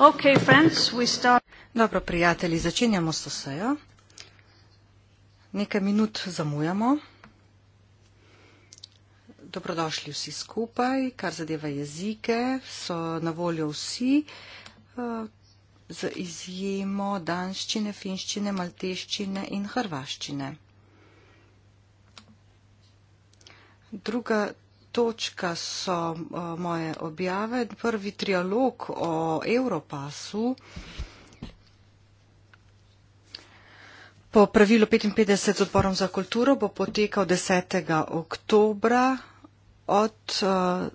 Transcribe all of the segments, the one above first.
Okay, friends, we start. Dobro, prijatelji, začenjamo s to sejo. Nekaj minut zamujamo. Dobrodošli vsi skupaj, kar zadeva jezike, so na voljo vsi, eh, z izjemo danščine, finščine, malteščine in hrvaščine. Druga točka so uh, moje objave. Prvi trialog o Europasu. Po pravilu 55 z odborom za kulturo bo potekal 10. oktobra od uh, eh,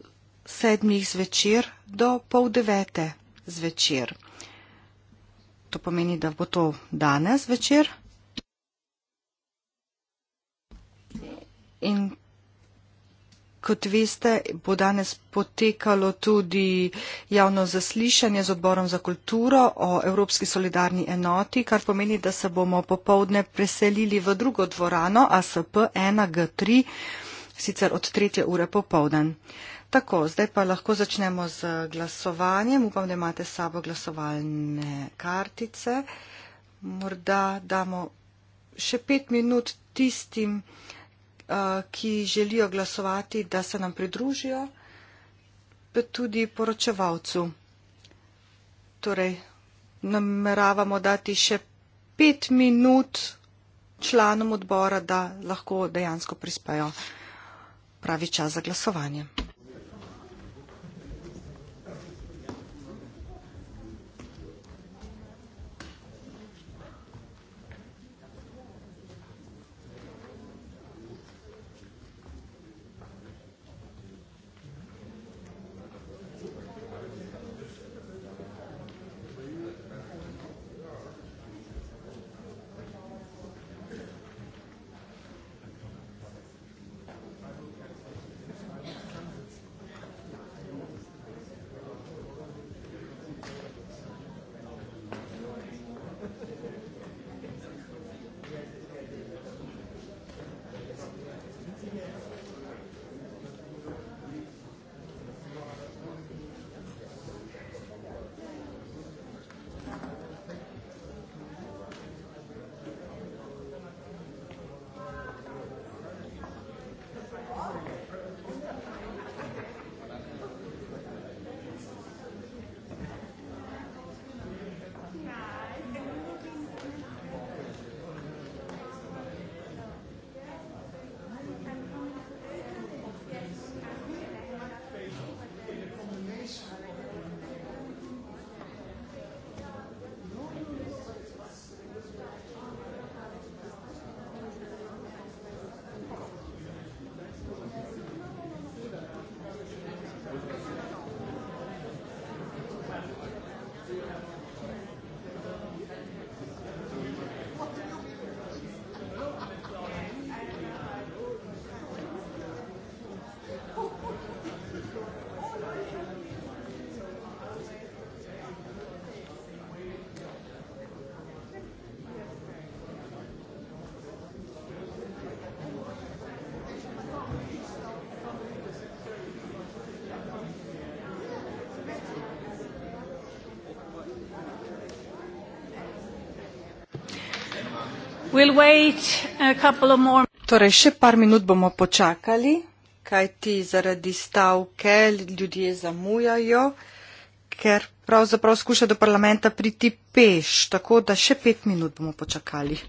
7. zvečer do pol 9. zvečer. To pomeni, da bo to danes večer. In Kot veste, bo danes potekalo tudi javno zaslišanje z odborom za kulturo o Evropski solidarni enoti, kar pomeni, da se bomo popovdne preselili v drugo dvorano ASP1G3, sicer od tretje ure popovdan. Tako, zdaj pa lahko začnemo z glasovanjem. Upam, da imate sabo glasovalne kartice. Morda damo še pet minut tistim, uh, Eh, ki želijo glasovati, da se nam pridružijo, pa tudi poročevalcu. Torej, nameravamo dati še pet minut članom odbora, da lahko dejansko prispejo pravi čas za glasovanje. Torej, še par minut bomo počakali, kajti zaradi stavke ljudje zamujajo, ker pravzaprav skuša do parlamenta priti peš, tako da še pet minut bomo počakali.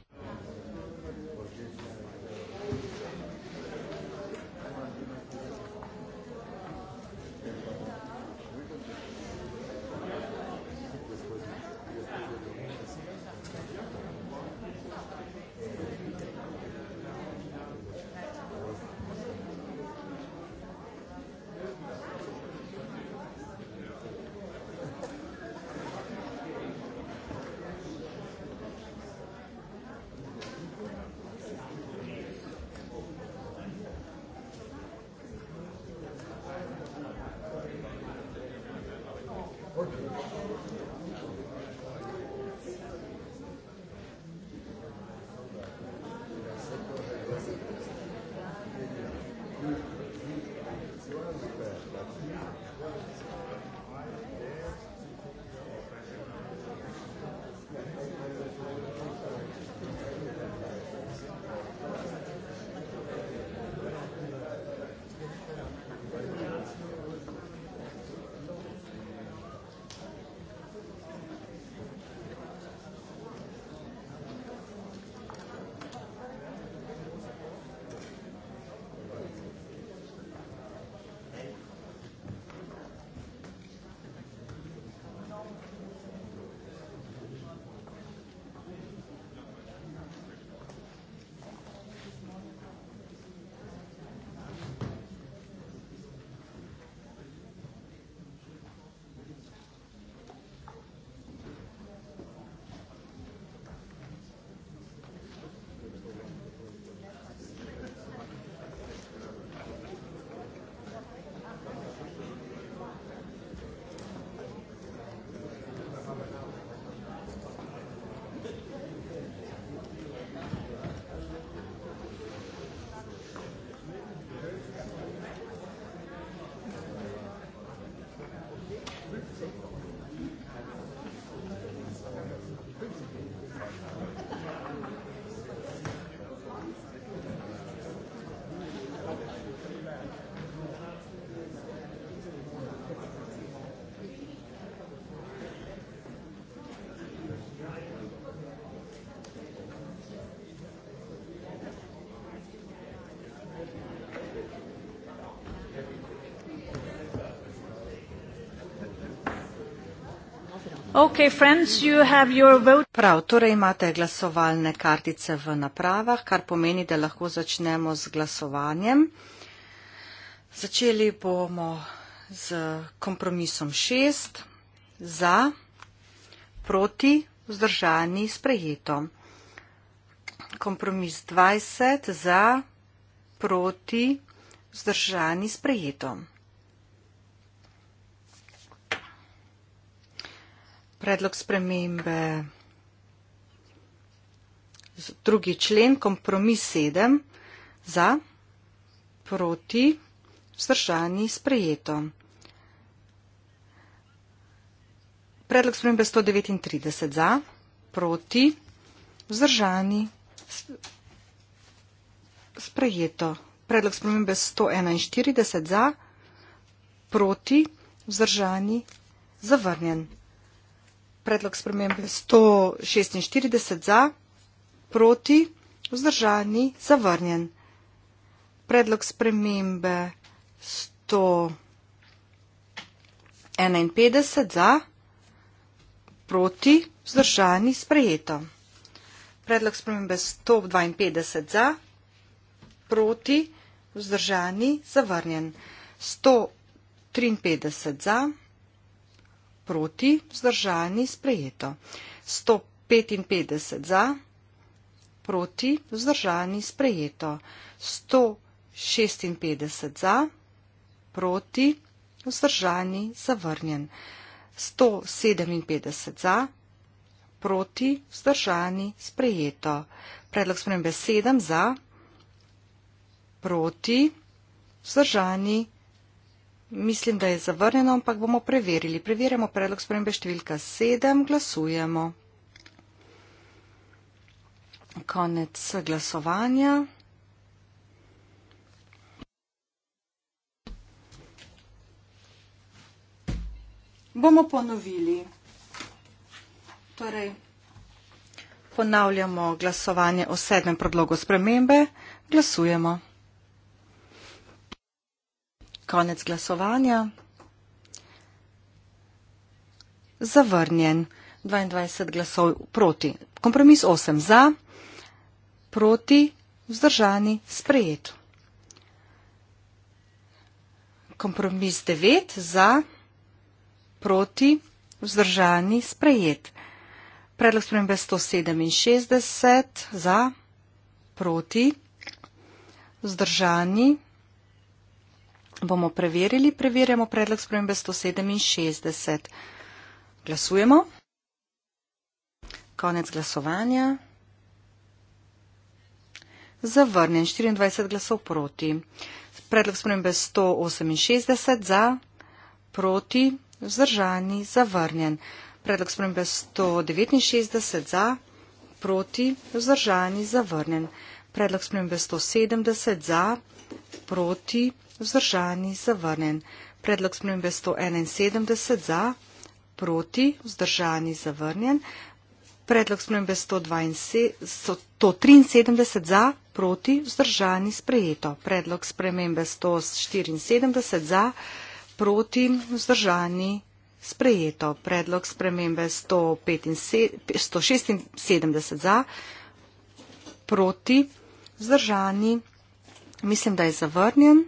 Okay, friends, Prav, torej imate glasovalne kartice v napravah, kar pomeni, da lahko začnemo z glasovanjem. Začeli bomo z kompromisom 6 za, proti, vzdržani, sprejeto. Kompromis 20 za, proti, vzdržani, sprejeto. predlog spremembe drugi člen, kompromis sedem, za, proti, vzdržani, sprejeto. Predlog spremembe 139 za, proti, vzdržani, sprejeto. Predlog spremembe 141 za, proti, vzdržani, zavrnjen predlog spremembe 146 za, proti, vzdržani, zavrnjen. Predlog spremembe 151 za, proti, vzdržani, sprejeto. Predlog spremembe 152 za, proti, vzdržani, zavrnjen. 153 za, proti, vzdržani, zavrnjen proti, vzdržani, sprejeto. 155 za, proti, vzdržani, sprejeto. 156 za, proti, vzdržani, zavrnjen. 157 za, proti, vzdržani, sprejeto. Predlog spremembe 7 za, proti, vzdržani, sprejeto. Mislim, da je zavrnjeno, ampak bomo preverili. Preverjamo predlog spremembe številka 7. Glasujemo. Konec glasovanja. Bomo ponovili. Torej, ponavljamo glasovanje o sedmem predlogu spremembe. Glasujemo. Konec glasovanja. Zavrnjen. 22 glasov proti. Kompromis 8 za, proti, vzdržani, sprejet. Kompromis 9 za, proti, vzdržani, sprejet. Predlog spremembe 167 za, proti, vzdržani, sprejet bomo preverili. Preverjamo predlog spremembe 167. Glasujemo. Konec glasovanja. Zavrnjen 24 glasov proti. Predlog spremembe 168 za, proti, vzdržani, zavrnjen. Predlog spremembe 169 za, proti, vzdržani, zavrnjen. Predlog spremembe 170 za, proti, vzdržani, zavrnen. Predlog spremembe 171 za, proti, vzdržani, zavrnen. Predlog spremembe 173 za, proti, vzdržani, sprejeto. Predlog spremembe 174 za, proti, vzdržani, sprejeto. Predlog spremembe 175, 176 za, proti, vzdržani, sprejeto mislim, da je zavrnjen,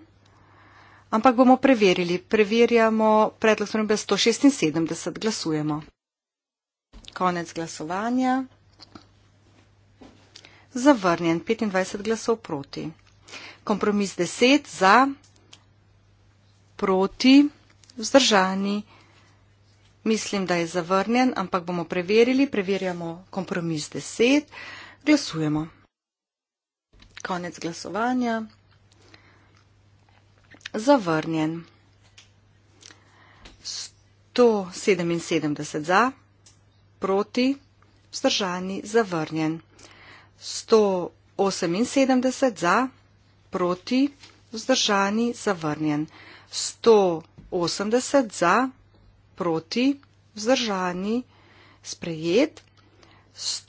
ampak bomo preverili. Preverjamo predlog spremembe 176, glasujemo. Konec glasovanja. Zavrnjen, 25 glasov proti. Kompromis 10 za, proti, vzdržani. Mislim, da je zavrnjen, ampak bomo preverili. Preverjamo kompromis 10. Glasujemo. Konec glasovanja zavrnjen. 177 za, proti, vzdržani, zavrnjen. 178 za, proti, vzdržani, zavrnjen. 180 za, proti, vzdržani, sprejet.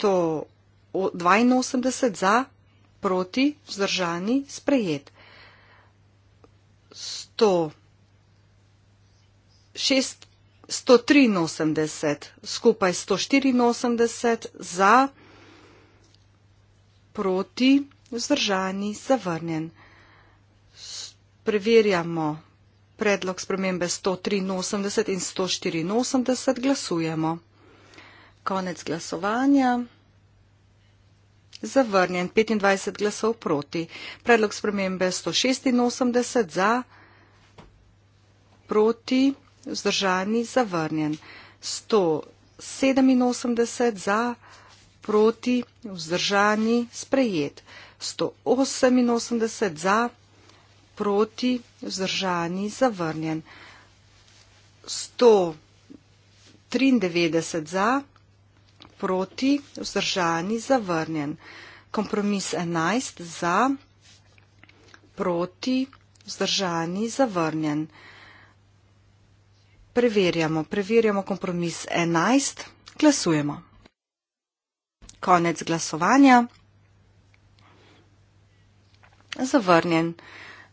182 za, proti, vzdržani, sprejet sto šest, sto triinosemdeset, skupaj sto štiriinosemdeset za, proti, vzdržani, zavrnjen. Preverjamo predlog spremembe 183 in 184 glasujemo. Konec glasovanja zavrnjen 25 glasov proti. Predlog spremembe 186 za, proti, vzdržani, zavrnjen. 187 za, proti, vzdržani, sprejet. 188 za, proti, vzdržani, zavrnjen. 193 za, proti, vzdržani, zavrnjen. Kompromis 11 za, proti, vzdržani, zavrnjen. Preverjamo, preverjamo kompromis 11, glasujemo. Konec glasovanja. Zavrnjen.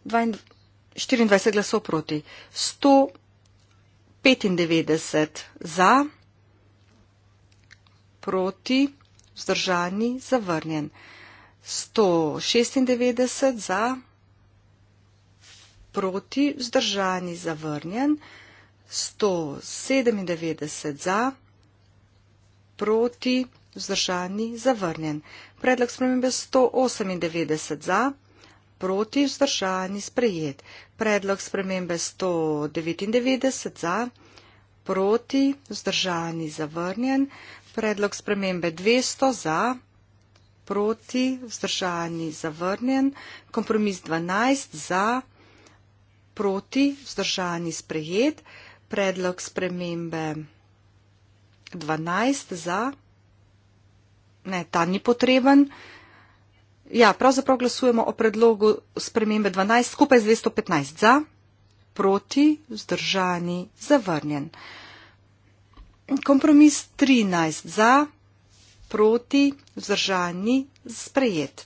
24 glasov proti. 195 za proti, vzdržani, zavrnjen. 196 za, proti, vzdržani, zavrnjen. 197 za, proti, vzdržani, zavrnjen. Predlog spremembe 198 za, proti, vzdržani, sprejet. Predlog spremembe 199 za, proti, vzdržani, zavrnjen. Predlog spremembe 200 za, proti, vzdržani, zavrnjen. Kompromis 12 za, proti, vzdržani, sprejet. Predlog spremembe 12 za, ne, ta ni potreben. Ja, pravzaprav glasujemo o predlogu spremembe 12 skupaj z 215 za, proti, vzdržani, zavrnjen kompromis 13 za, proti, vzdržani, sprejet.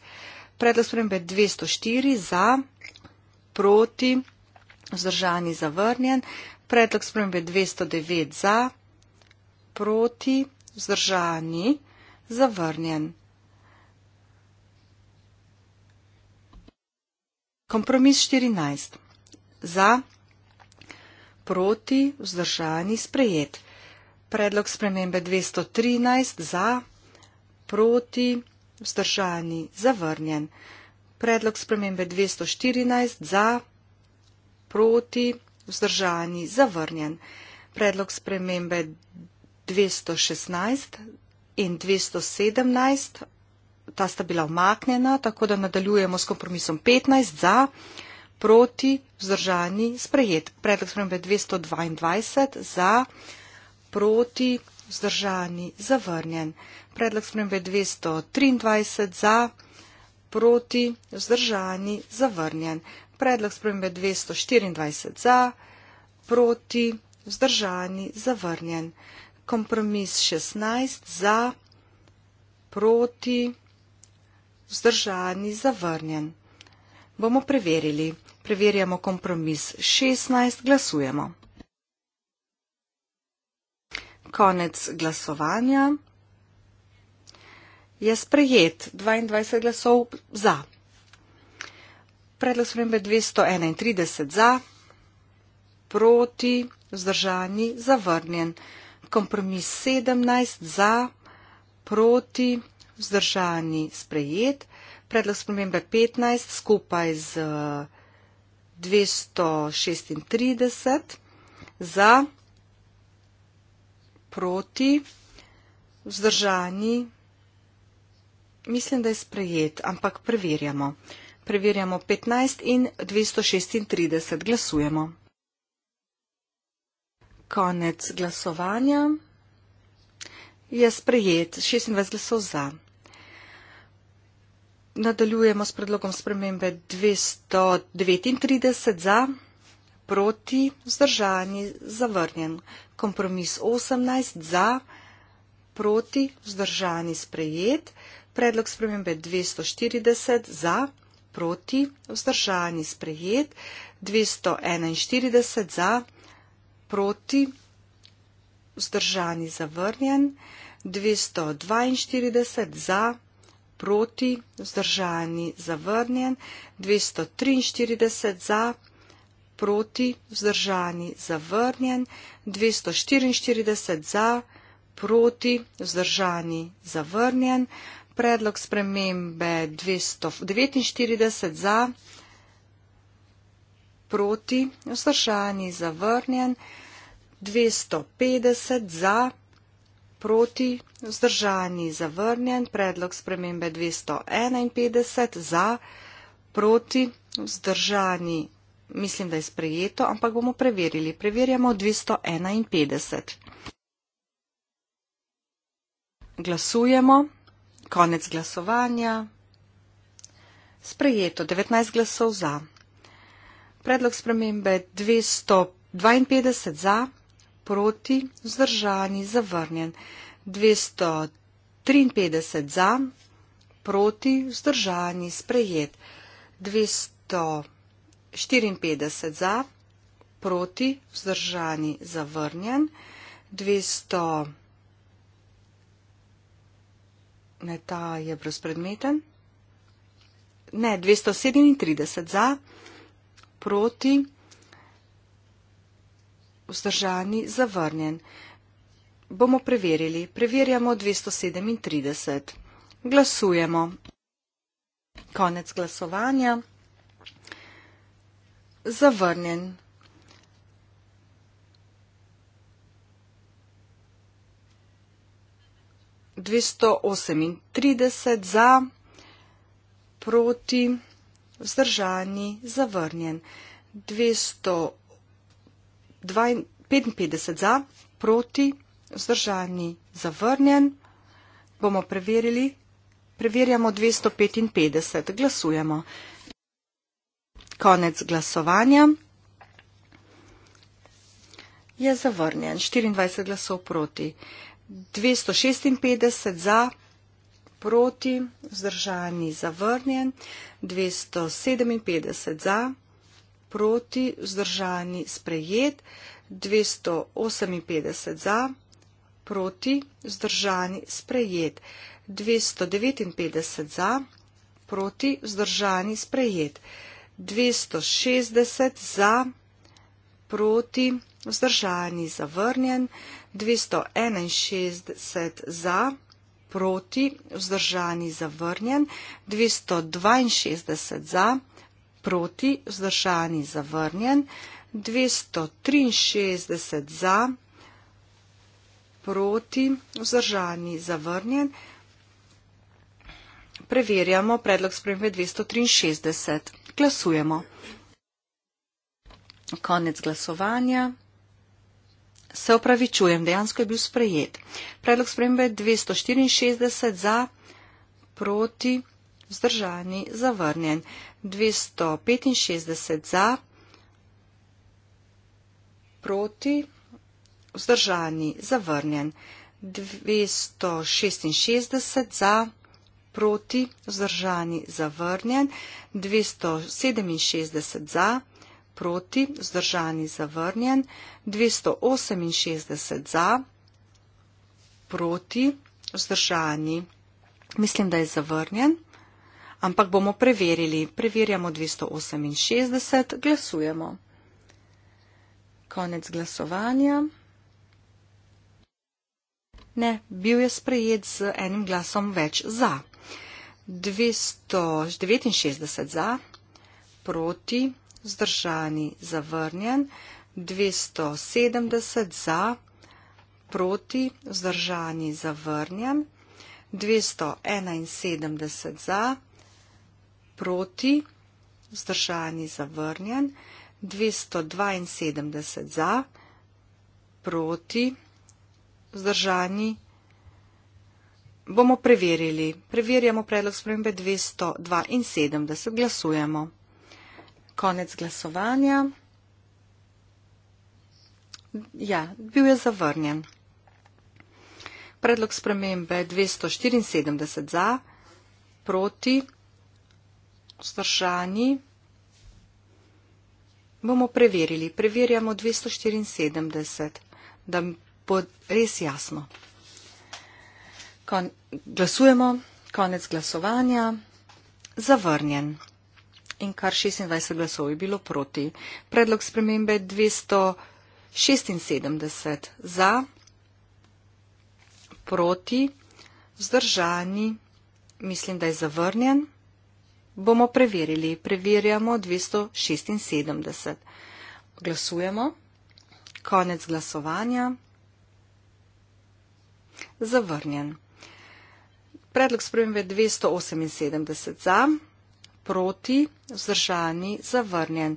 Predlog spremembe 204 za, proti, vzdržani, zavrnjen. Predlog spremembe 209 za, proti, vzdržani, zavrnjen. Kompromis 14. Za, proti, vzdržani, sprejet. Predlog spremembe 213 za, proti, vzdržani, zavrnjen. Predlog spremembe 214 za, proti, vzdržani, zavrnjen. Predlog spremembe 216 in 217, ta sta bila omaknjena, tako da nadaljujemo s kompromisom 15 za, proti, vzdržani, sprejet. Predlog spremembe 222 za, proti, vzdržani, zavrnjen. Predlog spremembe 223 za, proti, vzdržani, zavrnjen. Predlog spremembe 224 za, proti, vzdržani, zavrnjen. Kompromis 16 za, proti, vzdržani, zavrnjen. Bomo preverili. Preverjamo kompromis 16. Glasujemo konec glasovanja je sprejet 22 glasov za. Predlog spremembe 231 za, proti, vzdržani, zavrnjen. Kompromis 17 za, proti, vzdržani, sprejet. Predlog spremembe 15 skupaj z 236 za proti, vzdržani. Mislim, da je sprejet, ampak preverjamo. Preverjamo 15 in 236 glasujemo. Konec glasovanja. Je sprejet 26 glasov za. Nadaljujemo s predlogom spremembe 239 za proti, vzdržani, zavrnjen. Kompromis 18 za, proti, vzdržani, sprejet. Predlog spremembe 240 za, proti, vzdržani, sprejet. 241 za, proti, vzdržani, zavrnjen. 242 za, proti, vzdržani, zavrnjen. 243 za, proti proti, vzdržani, zavrnjen, 244 za, proti, vzdržani, zavrnjen, predlog spremembe 249 za, proti, vzdržani, zavrnjen, 250 za, proti, vzdržani, zavrnjen, predlog spremembe 251 za, proti, vzdržani, mislim, da je sprejeto, ampak bomo preverili. Preverjamo 251. Glasujemo. Konec glasovanja. Sprejeto. 19 glasov za. Predlog spremembe 252 za, proti, vzdržani, zavrnjen. 253 za, proti, vzdržani, sprejet. 200. 54 za, proti, vzdržani, zavrnjen, 200, ne ta je brezpredmeten, ne, 237 za, proti, vzdržani, zavrnjen. Bomo preverili. Preverjamo 237. Glasujemo. Konec glasovanja zavrnjen. Dvesto osemintrideset za, proti, vzdržani, zavrnjen. Dvesto petinpetdeset za, proti, vzdržani, zavrnjen. Bomo preverili. Preverjamo dvesto petinpetdeset. Glasujemo konec glasovanja je zavrnjen. 24 glasov proti. 256 za, proti, vzdržani, zavrnjen. 257 za, proti, vzdržani, sprejet. 258 za, proti, vzdržani, sprejet. 259 za, proti, vzdržani, sprejet. 260 za, proti, vzdržani, zavrnjen, 261 za, proti, vzdržani, zavrnjen, 262 za, proti, vzdržani, zavrnjen, 263 za, proti, vzdržani, zavrnjen. Preverjamo predlog spremembe 263 glasujemo. Konec glasovanja. Se opravičujem, dejansko je bil sprejet. Predlog spremembe 264 za, proti, vzdržani, zavrnjen. 265 za, proti, vzdržani, zavrnjen. 266 za, proti, vzdržani, zavrnjen. 266 za, proti, vzdržani, zavrnjen, 267 za, proti, vzdržani, zavrnjen, 268 za, proti, vzdržani. Mislim, da je zavrnjen, ampak bomo preverili. Preverjamo 268, glasujemo. Konec glasovanja. Ne, bil je sprejet z enim glasom več za. 269 za, proti, vzdržani, zavrnjen, 270 za, proti, vzdržani, zavrnjen, 271 za, proti, vzdržani, zavrnjen, 272 za, proti, vzdržani, zavrnjen. Bomo preverili. Preverjamo predlog spremembe 272. Glasujemo. Konec glasovanja. Ja, bil je zavrnjen. Predlog spremembe 274 za, proti, vzdržani. Bomo preverili. Preverjamo 274, da bo res jasno. Kon glasujemo, konec glasovanja, zavrnjen. In kar 26 glasov je bilo proti. Predlog spremembe 276 za, proti, vzdržani, mislim, da je zavrnjen. Bomo preverili. Preverjamo 276. Glasujemo. Konec glasovanja. Zavrnjen predlog spremembe 278 za, proti, vzdržani, zavrnjen.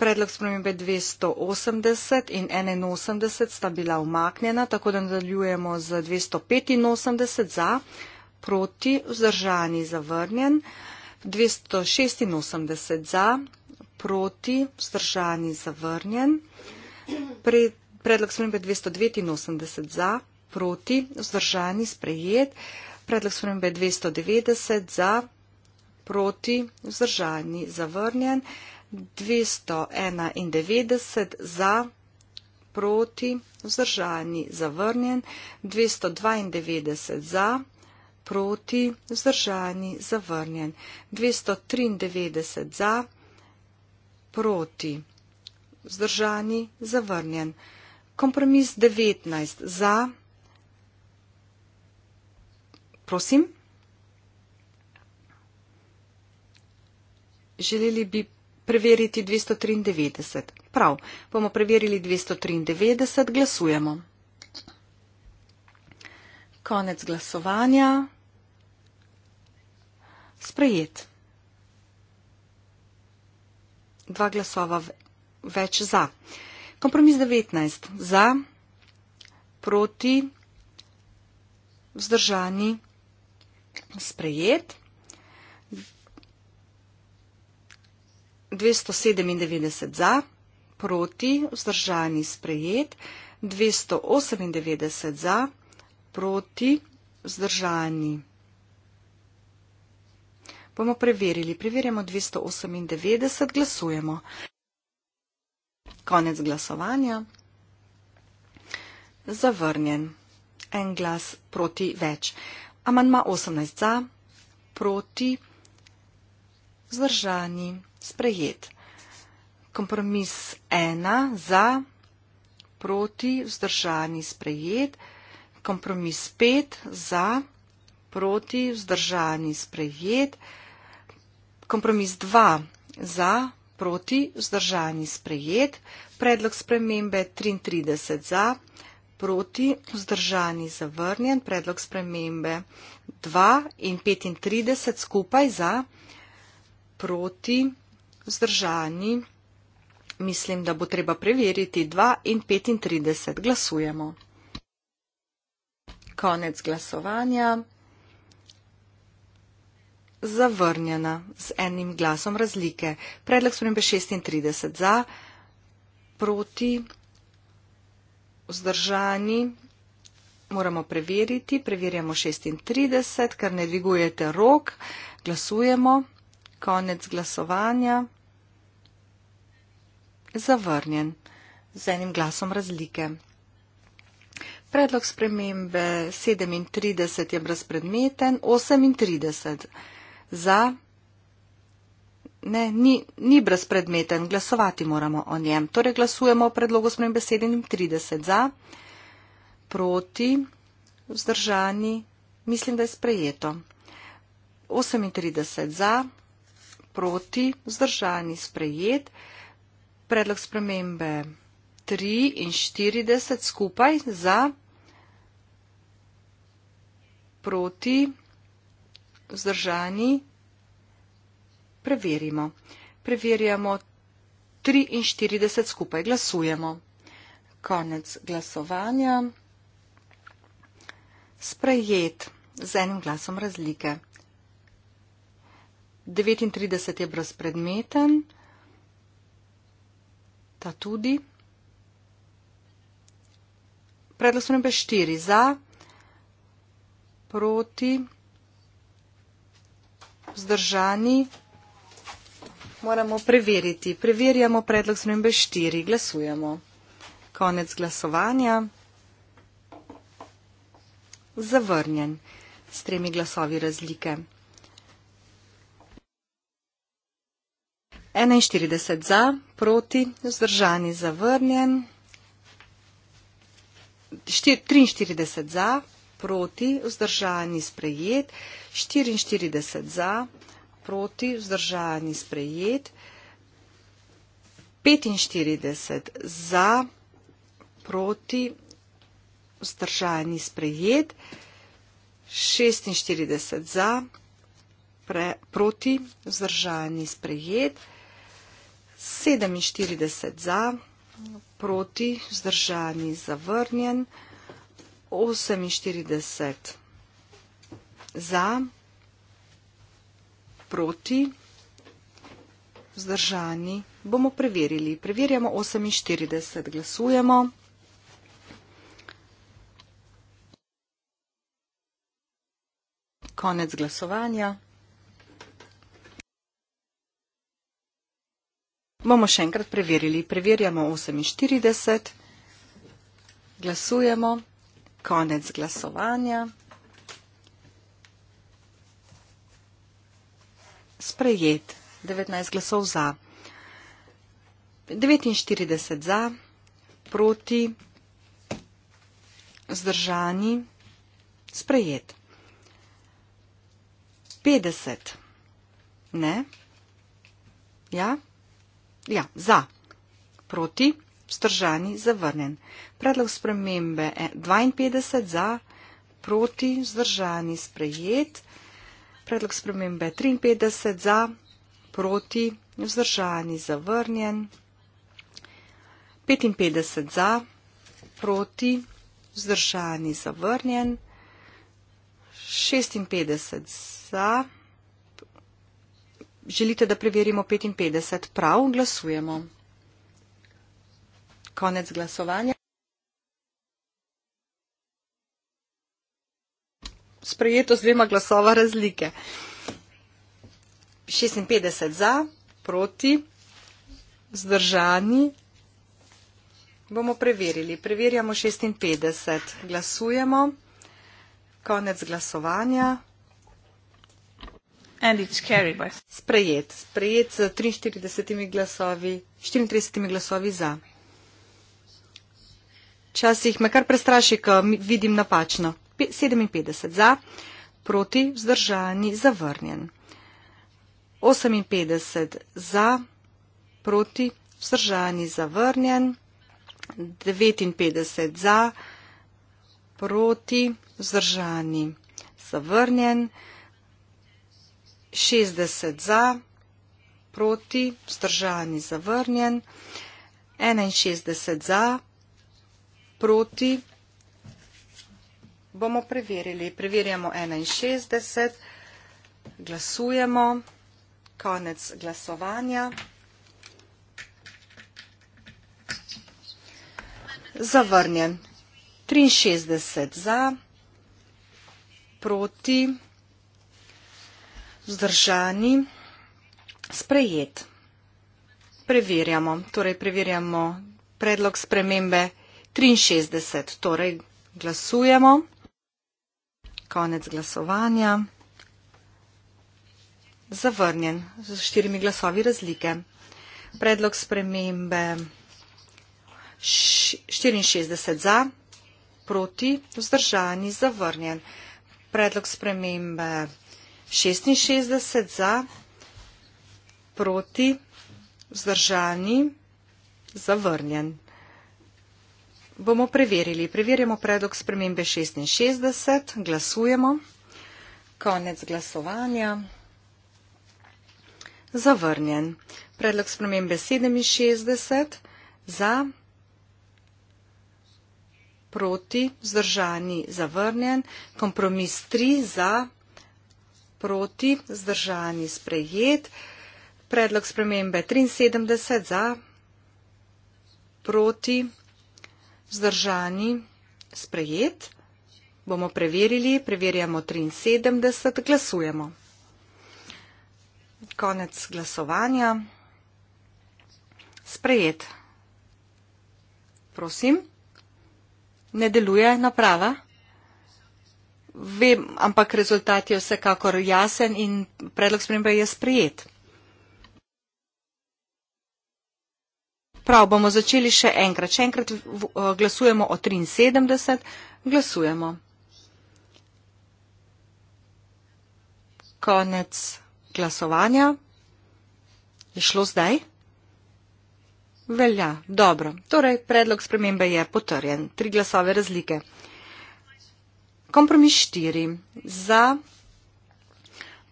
Predlog spremembe 280 in 81 sta bila umaknjena, tako da nadaljujemo z 285 za, proti, vzdržani, zavrnjen, 286 za, proti, vzdržani, zavrnjen, predlog spremembe 289 za, proti, vzdržani, sprejet. Predlog spremembe 290 za, proti, vzdržani, zavrnjen. 291 za, proti, vzdržani, zavrnjen. 292 za, proti, vzdržani, zavrnjen. 293 za, proti, vzdržani, zavrnjen. Kompromis 19 za, proti, vzdržani, zavrnjen prosim. Želeli bi preveriti 293. Prav, bomo preverili 293, glasujemo. Konec glasovanja. Sprejet. Dva glasova več za. Kompromis 19. Za, proti, vzdržani sprejet. 297 za, proti, vzdržani sprejet. 298 za, proti, vzdržani. Bomo preverili. Preverjamo 298, glasujemo. Konec glasovanja. Zavrnjen. En glas proti več. Amandma 18 za, proti, vzdržani, sprejet. Kompromis 1 za, proti, vzdržani, sprejet. Kompromis 5 za, proti, vzdržani, sprejet. Kompromis 2 za, proti, vzdržani, sprejet. Predlog spremembe 33 za, proti, vzdržani, sprejet proti, vzdržani, zavrnjen, predlog spremembe 2 in 35 skupaj za, proti, vzdržani, mislim, da bo treba preveriti 2 in 35, glasujemo. Konec glasovanja. Zavrnjena z enim glasom razlike. Predlog spremembe 36 za, proti, vzdržani vzdržani, moramo preveriti, preverjamo 36, ker ne dvigujete rok, glasujemo, konec glasovanja, zavrnjen, z enim glasom razlike. Predlog spremembe 37 je brezpredmeten, 38 za ne, ni, ni brezpredmeten, glasovati moramo o njem. Torej glasujemo o predlogu sprem besedin 30 za, proti, vzdržani, mislim, da je sprejeto. 38 za, proti, vzdržani, sprejet. Predlog spremembe 3 in 40 skupaj za, proti, vzdržani, sprejet preverimo. Preverjamo 43 skupaj glasujemo. Konec glasovanja. Sprejet z enim glasom razlike. 39 je brezpredmeten. Ta tudi. Predlog so nebe 4 za, proti, vzdržani. Moramo preveriti. Preverjamo predlog zmembe 4. Glasujemo. Konec glasovanja. Zavrnjen. S tremi glasovi razlike. 41 za, proti, vzdržani zavrnjen. 43 za, proti, vzdržani sprejet. 44 za proti, vzdržani sprejet, 45 za, proti, vzdržani sprejet, 46 za, pre, proti, vzdržani sprejet, 47 za, proti, vzdržani zavrnjen, 48 za, proti, vzdržani. Bomo preverili. Preverjamo 48. Glasujemo. Konec glasovanja. Bomo še enkrat preverili. Preverjamo 48. Glasujemo. Konec glasovanja. sprejet 19 glasov za. 49 za, proti, zdržani, sprejet. 50 ne, ja, ja, za, proti, vzdržani, zavrnen. Predlog spremembe 52 eh, za, proti, vzdržani, sprejet. Predlog spremembe 53 za, proti, vzdržani, zavrnjen. 55 za, proti, vzdržani, zavrnjen. 56 za. Želite, da preverimo 55 prav? Glasujemo. Konec glasovanja. sprejeto z dvema glasova razlike. 56 za, proti, zdržani. Bomo preverili. Preverjamo 56. Glasujemo. Konec glasovanja. And it's carried by. Sprejet. Sprejet z 43 glasovi, 34 glasovi za. Včasih me kar prestraši, ko vidim napačno. 57 za, proti vzdržani zavrnjen. 58 za, proti vzdržani zavrnjen. 59 za, proti vzdržani zavrnjen. 60 za, proti vzdržani zavrnjen. 61 za, proti bomo preverili. Preverjamo 61, glasujemo, konec glasovanja. Zavrnjen. 63 za, proti, vzdržani, sprejet. Preverjamo, torej preverjamo predlog spremembe 63, torej glasujemo. Konec glasovanja. Zavrnjen z štirimi glasovi razlike. Predlog spremembe 64 za, proti, vzdržani, zavrnjen. Predlog spremembe 66 za, proti, vzdržani, zavrnjen. Bomo preverili. Preverjamo predlog spremembe 66. Glasujemo. Konec glasovanja. Zavrnjen. Predlog spremembe 67. Za. Proti. Zdržani. Zavrnjen. Kompromis 3. Za. Proti. Zdržani. Sprejet. Predlog spremembe 73. Za. Proti vzdržani, sprejet. Bomo preverili, preverjamo 73, glasujemo. Konec glasovanja. Sprejet. Prosim, ne deluje naprava. Vem, ampak rezultat je vsekakor jasen in predlog spremembe je sprejet. Prav, bomo začeli še enkrat. Še enkrat eh, glasujemo o 73. Glasujemo. Konec glasovanja. Je šlo zdaj? Velja. Dobro. Torej, predlog spremembe je potrjen. Tri glasove razlike. Kompromis štiri. Za,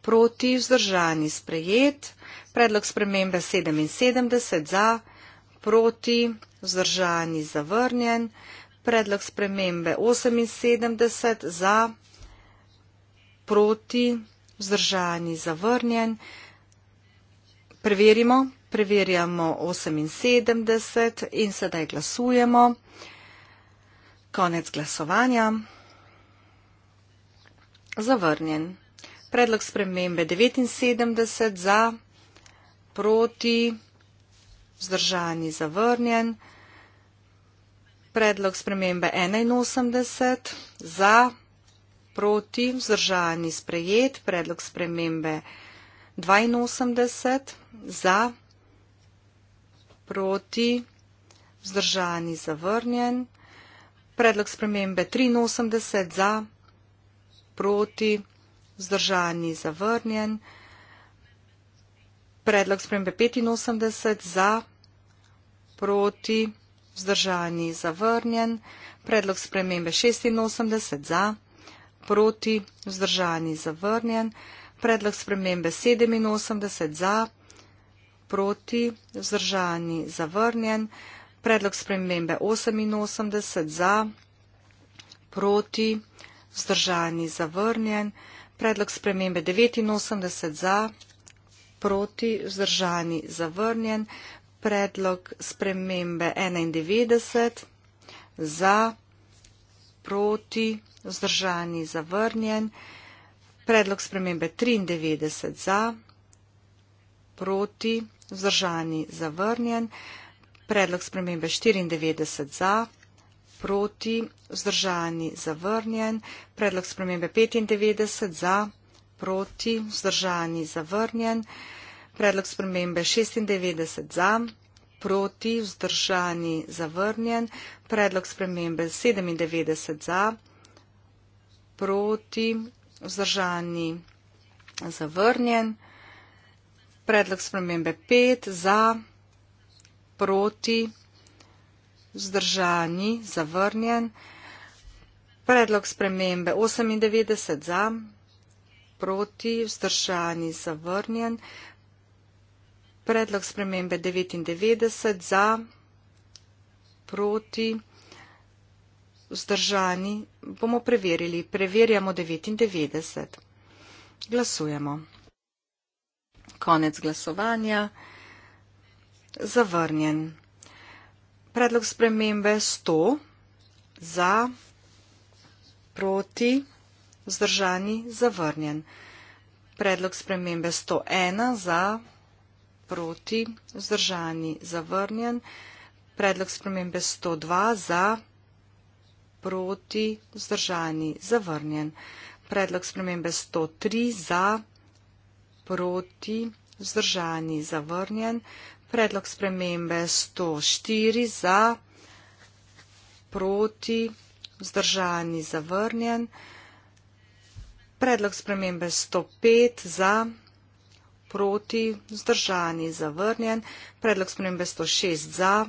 proti, vzdržani, sprejet. Predlog spremembe 77 za proti, vzdržani zavrnjen, predlog spremembe 78 za, proti, vzdržani zavrnjen. Preverimo, preverjamo 78 in sedaj glasujemo. Konec glasovanja. Zavrnjen. Predlog spremembe 79 za, proti, vzdržani zavrnjen vzdržani zavrnjen. Predlog spremembe 81, za, proti, vzdržani sprejet. Predlog spremembe 82, za, proti, vzdržani zavrnjen. Predlog spremembe 83, za, proti, vzdržani zavrnjen. Predlog spremembe 85 za, proti, vzdržani, zavrnjen. Predlog spremembe 86 za, proti, vzdržani, zavrnjen. Predlog spremembe 87 za, proti, vzdržani, zavrnjen. Predlog spremembe 88 za, proti, vzdržani, zavrnjen. Predlog spremembe 89 za, proti, vzdržani, zavrnjen proti, vzdržani, zavrnjen. Predlog spremembe 91, za, proti, vzdržani, zavrnjen. Predlog spremembe 93, za, proti, vzdržani, zavrnjen. Predlog spremembe 94, za, proti, vzdržani, zavrnjen. Predlog spremembe 95, za, proti, vzdržani, zavrnjen. Predlog spremembe 96 za, proti, vzdržani, zavrnjen. Predlog spremembe 97 za, proti, vzdržani, zavrnjen. Predlog spremembe 5 za, proti, vzdržani, zavrnjen. Predlog spremembe 98 za, proti, vzdržani, zavrnjen. Predlog spremembe 99 za, proti, vzdržani bomo preverili. Preverjamo 99. Glasujemo. Konec glasovanja. Zavrnjen. Predlog spremembe 100 za, proti, vzdržani, zavrnjen. Predlog spremembe 101 za, proti, vzdržani proti, vzdržani, zavrnjen. Predlog spremembe 102 za, proti, vzdržani, zavrnjen. Predlog spremembe 103 za, proti, vzdržani, zavrnjen. Predlog spremembe 104 za, proti, vzdržani, zavrnjen. Predlog spremembe 105 za, proti, vzdržani, zavrnjen proti, vzdržani, zavrnjen. Predlog spremembe 106 za,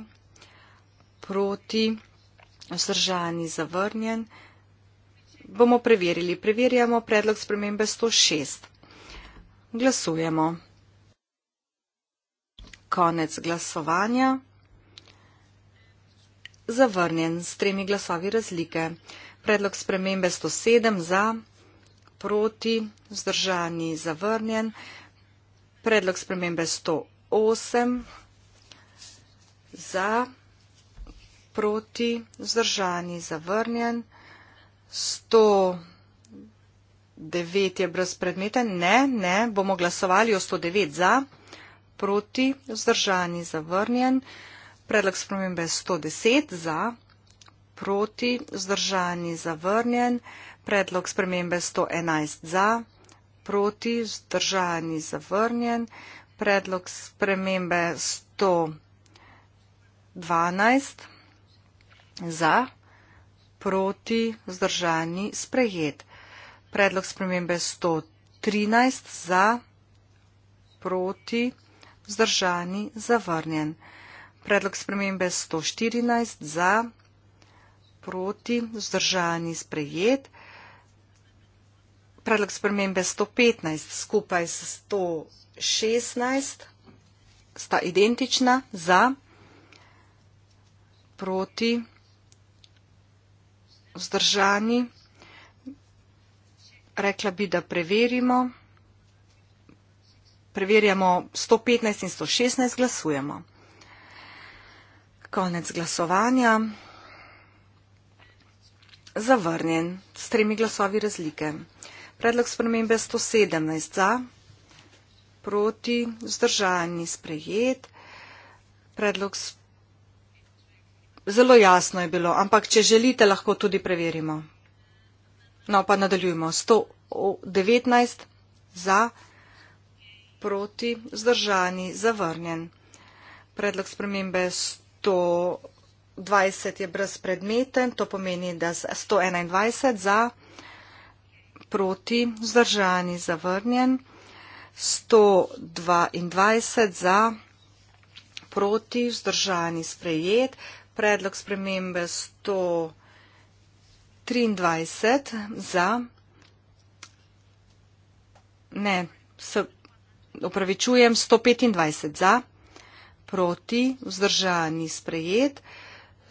proti, vzdržani, zavrnjen. Bomo preverili. Preverjamo predlog spremembe 106. Glasujemo. Konec glasovanja. Zavrnjen s tremi glasovi razlike. Predlog spremembe 107 za, proti, vzdržani, zavrnjen. Predlog spremembe 108 za, proti, vzdržani, zavrnjen. 109 je brezpredmeten. Ne, ne, bomo glasovali o 109 za, proti, vzdržani, zavrnjen. Predlog spremembe 110 za, proti, vzdržani, zavrnjen. Predlog spremembe 111 za, proti, vzdržani, zavrnjen proti, vzdržan in zavrnjen. Predlog spremembe 112 za, proti, vzdržan in sprejet. Predlog spremembe 113 za, proti, vzdržan in zavrnjen. Predlog spremembe 114 za, proti, vzdržan in sprejet predlog spremembe 115 skupaj s 116 sta identična za, proti, vzdržani. Rekla bi, da preverimo. Preverjamo 115 in 116 glasujemo. Konec glasovanja. Zavrnjen s tremi glasovi razlike. Predlog spremembe 117 za, proti, vzdržani, sprejet. Predlog zelo jasno je bilo, ampak če želite, lahko tudi preverimo. No, pa nadaljujemo. 119 za, proti, vzdržani, zavrnjen. Predlog spremembe 120 je brezpredmeten, to pomeni, da 121 za, proti, vzdržani, zavrnjen, 122 za, proti, vzdržani, sprejet, predlog spremembe 123 za, ne, se opravičujem, 125 za, proti, vzdržani, sprejet,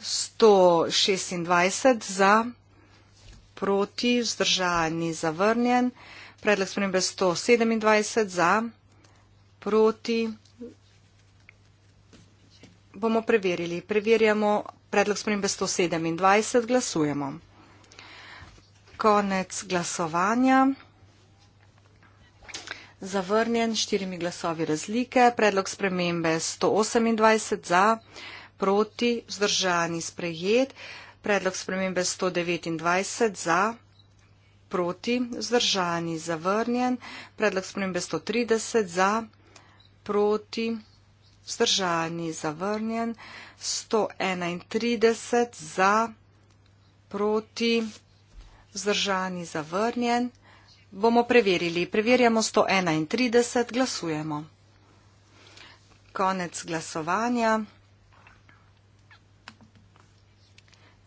126 za, proti, vzdržani, zavrnjen. Predlog spremembe 127 za, proti. Bomo preverili. Preverjamo predlog spremembe 127, glasujemo. Konec glasovanja. Zavrnjen štirimi glasovi razlike. Predlog spremembe 128 za, proti, vzdržani, sprejet. Predlog spremembe 129 za, proti, vzdržani, zavrnjen. Predlog spremembe 130 za, proti, vzdržani, zavrnjen. 131 za, proti, vzdržani, zavrnjen. Bomo preverili. Preverjamo 131, glasujemo. Konec glasovanja.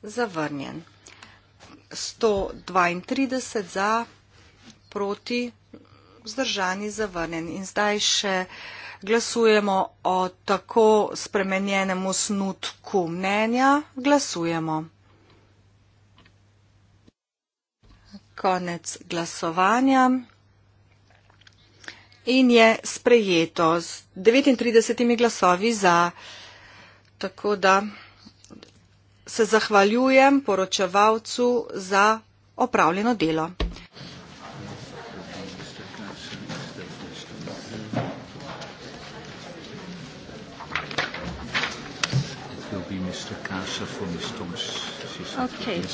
zavrnjen. 132 za, proti, vzdržani, zavrnjen. In zdaj še glasujemo o tako spremenjenem osnutku mnenja. Glasujemo. Konec glasovanja. In je sprejeto z 39 glasovi za. Tako da se zahvaljujem poročevalcu za opravljeno delo. Okay. Uh,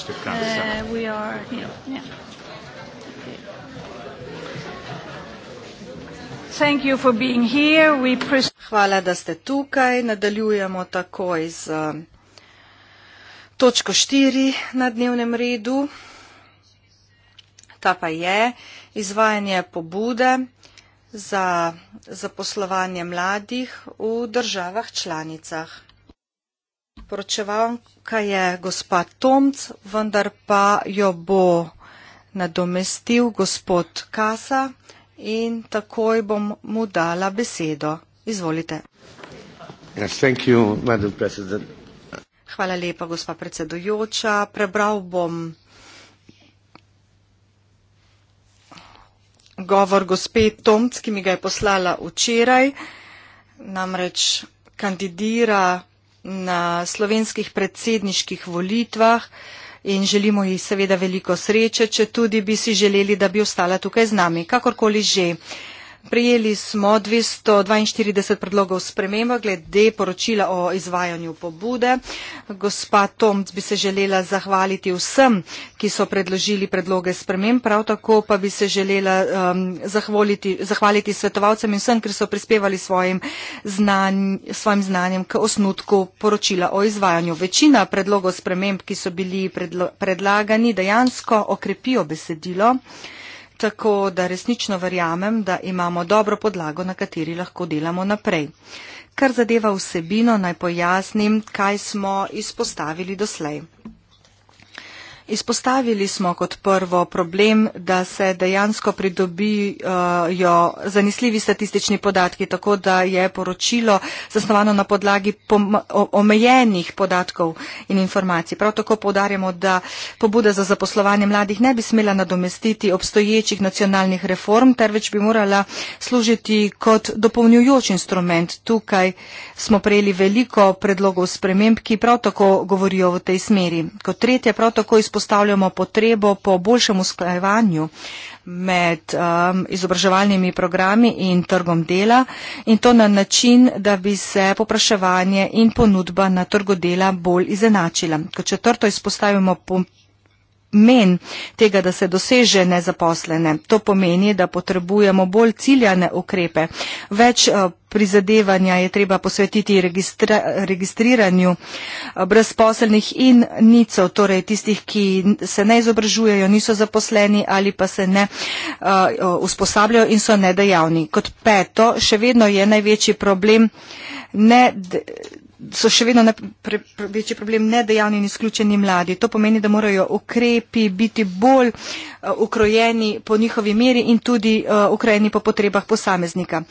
we are here. Yeah. Hvala, da ste tukaj. Nadaljujemo takoj z točko 4 na dnevnem redu. Ta pa je izvajanje pobude za zaposlovanje mladih v državah članicah. Poročevalka je gospa Tomc, vendar pa jo bo nadomestil gospod Kasa in takoj bom mu dala besedo. Izvolite. Yes, thank you, Madam President. Hvala lepa, gospa predsedujoča. Prebral bom govor gospe Tomc, ki mi ga je poslala včeraj, namreč kandidira na slovenskih predsedniških volitvah in želimo ji seveda veliko sreče, če tudi bi si želeli, da bi ostala tukaj z nami, kakorkoli že. Prijeli smo 242 predlogov sprememba glede poročila o izvajanju pobude. Gospa Tomc bi se želela zahvaliti vsem, ki so predložili predloge sprememb, prav tako pa bi se želela um, zahvaliti svetovalcem in vsem, ker so prispevali svojim, znan, svojim znanjem k osnutku poročila o izvajanju. Večina predlogov sprememb, ki so bili predlo, predlagani, dejansko okrepijo besedilo tako da resnično verjamem, da imamo dobro podlago, na kateri lahko delamo naprej. Kar zadeva vsebino, naj pojasnim, kaj smo izpostavili doslej. Izpostavili smo kot prvo problem, da se dejansko pridobijo uh, zanesljivi statistični podatki, tako da je poročilo zasnovano na podlagi omejenih podatkov in informacij. Prav tako povdarjamo, da pobuda za zaposlovanje mladih ne bi smela nadomestiti obstoječih nacionalnih reform, ter več bi morala služiti kot dopolnjujoč instrument. Tukaj smo prejeli veliko predlogov sprememb, ki prav tako govorijo v tej smeri izpostavljamo potrebo po boljšem usklajevanju med um, izobraževalnimi programi in trgom dela in to na način, da bi se popraševanje in ponudba na trgu dela bolj izenačila. Kot četrto izpostavimo namen tega, da se doseže nezaposlene. To pomeni, da potrebujemo bolj ciljane ukrepe. Več eh, prizadevanja je treba posvetiti registra, registriranju eh, brezposelnih in nicov, torej tistih, ki se ne izobražujejo, niso zaposleni ali pa se ne eh, usposabljajo in so nedejavni. Kot peto, še vedno je največji problem ne so še vedno pre, pre, večji problem nedejavni in izključeni mladi. To pomeni, da morajo ukrepi biti bolj eh, ukrojeni po njihovi meri in tudi eh, ukrojeni po potrebah posameznika.